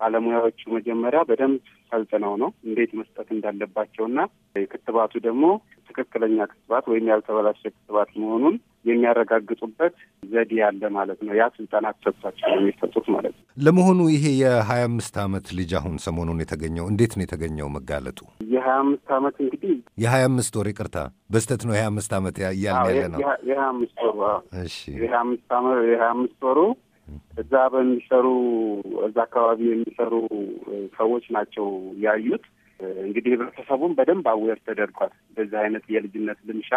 ባለሙያዎቹ መጀመሪያ በደንብ ሰልጥነው ነው እንዴት መስጠት እንዳለባቸው እንዳለባቸውና ክትባቱ ደግሞ ትክክለኛ ክትባት ወይም ያልተበላሸ ክትባት መሆኑን የሚያረጋግጡበት ዘዴ ያለ ማለት ነው። ያ ስልጠና ተሰጥቷቸው ነው የሚሰጡት ማለት ነው። ለመሆኑ ይሄ የሀያ አምስት አመት ልጅ አሁን ሰሞኑን የተገኘው እንዴት ነው የተገኘው መጋለጡ? የሀያ አምስት አመት እንግዲህ የሀያ አምስት ወር ይቅርታ፣ በስተት ነው የሀያ አምስት አመት እያልን ያለ ነው። የሀያ አምስት ወሩ የሀያ አምስት ወሩ እዛ በሚሰሩ እዛ አካባቢ የሚሰሩ ሰዎች ናቸው ያዩት። እንግዲህ ህብረተሰቡን በደንብ አዌር ተደርጓል። በዚህ አይነት የልጅነት ልምሻ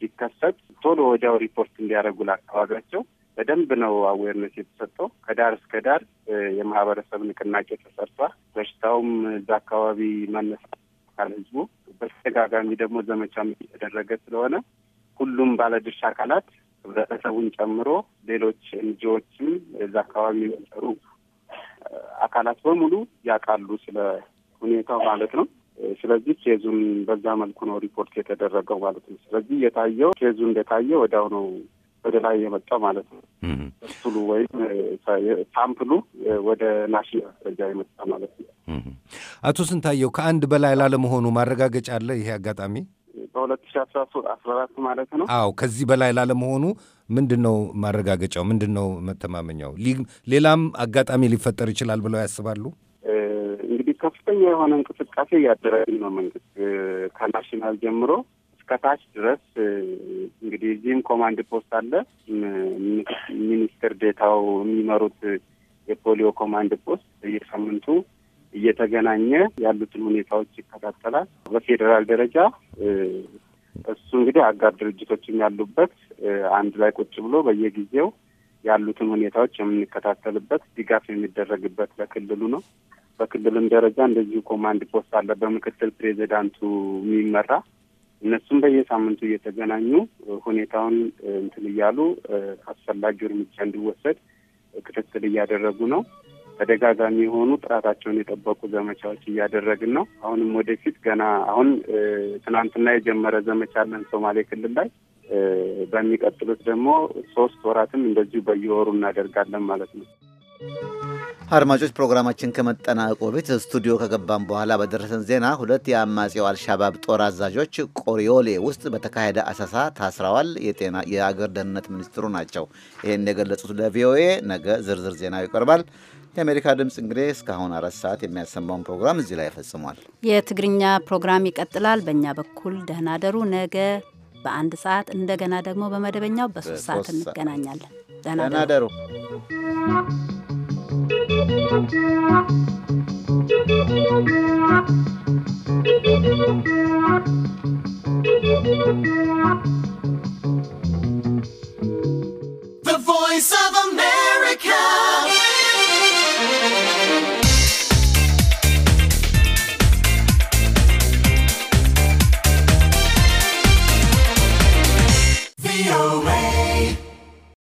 ሲከሰት ቶሎ ወዲያው ሪፖርት እንዲያደርጉ ለአካባቢያቸው በደንብ ነው አዌርነስ የተሰጠው። ከዳር እስከ ዳር የማህበረሰብ ንቅናቄ ተሰርቷል። በሽታውም እዛ አካባቢ መነሳት አካል ህዝቡ በተደጋጋሚ ደግሞ ዘመቻ የተደረገ ስለሆነ ሁሉም ባለድርሻ አካላት ህብረተሰቡን ጨምሮ ሌሎች ኤንጂዎችም እዛ አካባቢ የሚጠሩ አካላት በሙሉ ያውቃሉ ስለ ሁኔታው ማለት ነው። ስለዚህ ኬዙን በዛ መልኩ ነው ሪፖርት የተደረገው ማለት ነው። ስለዚህ የታየው ኬዙ እንደታየ ወዲያው ነው ወደ ላይ የመጣው ማለት ነው። ስሉ ወይም ሳምፕሉ ወደ ናሽናል ደረጃ የመጣ ማለት ነው። አቶ ስንታየው ከአንድ በላይ ላለመሆኑ ማረጋገጫ አለ ይሄ አጋጣሚ በሁለት ሺ አስራ አስራ አራት ማለት ነው። አዎ ከዚህ በላይ ላለመሆኑ ምንድን ነው ማረጋገጫው? ምንድን ነው መተማመኛው? ሌላም አጋጣሚ ሊፈጠር ይችላል ብለው ያስባሉ? እንግዲህ ከፍተኛ የሆነ እንቅስቃሴ እያደረግን ነው። መንግስት ከናሽናል ጀምሮ እስከ ታች ድረስ እንግዲህ እዚህም ኮማንድ ፖስት አለ። ሚኒስትር ዴታው የሚመሩት የፖሊዮ ኮማንድ ፖስት በየሳምንቱ እየተገናኘ ያሉትን ሁኔታዎች ይከታተላል። በፌዴራል ደረጃ እሱ እንግዲህ አጋር ድርጅቶችም ያሉበት አንድ ላይ ቁጭ ብሎ በየጊዜው ያሉትን ሁኔታዎች የምንከታተልበት ድጋፍ የሚደረግበት ለክልሉ ነው። በክልልም ደረጃ እንደዚሁ ኮማንድ ፖስት አለ በምክትል ፕሬዚዳንቱ የሚመራ እነሱም በየሳምንቱ እየተገናኙ ሁኔታውን እንትን እያሉ አስፈላጊው እርምጃ እንዲወሰድ ክትትል እያደረጉ ነው። ተደጋጋሚ የሆኑ ጥራታቸውን የጠበቁ ዘመቻዎች እያደረግን ነው። አሁንም ወደፊት ገና አሁን ትናንትና የጀመረ ዘመቻ አለን ሶማሌ ክልል ላይ በሚቀጥሉት ደግሞ ሶስት ወራትም እንደዚሁ በየወሩ እናደርጋለን ማለት ነው። አድማጮች ፕሮግራማችን ከመጠናቀቁ በፊት ስቱዲዮ ከገባን በኋላ በደረሰን ዜና ሁለት የአማጺው አልሻባብ ጦር አዛዦች ቆሪዮሌ ውስጥ በተካሄደ አሰሳ ታስረዋል። የጤና የአገር ደህንነት ሚኒስትሩ ናቸው ይህን የገለጹት ለቪኦኤ። ነገ ዝርዝር ዜናው ይቀርባል። የአሜሪካ ድምፅ እንግዲህ እስካሁን አራት ሰዓት የሚያሰማውን ፕሮግራም እዚህ ላይ ፈጽሟል። የትግርኛ ፕሮግራም ይቀጥላል። በእኛ በኩል ደህና ደሩ። ነገ በአንድ ሰዓት እንደገና ደግሞ በመደበኛው በሶስት ሰዓት እንገናኛለን። ደህና ደሩ። The voice of America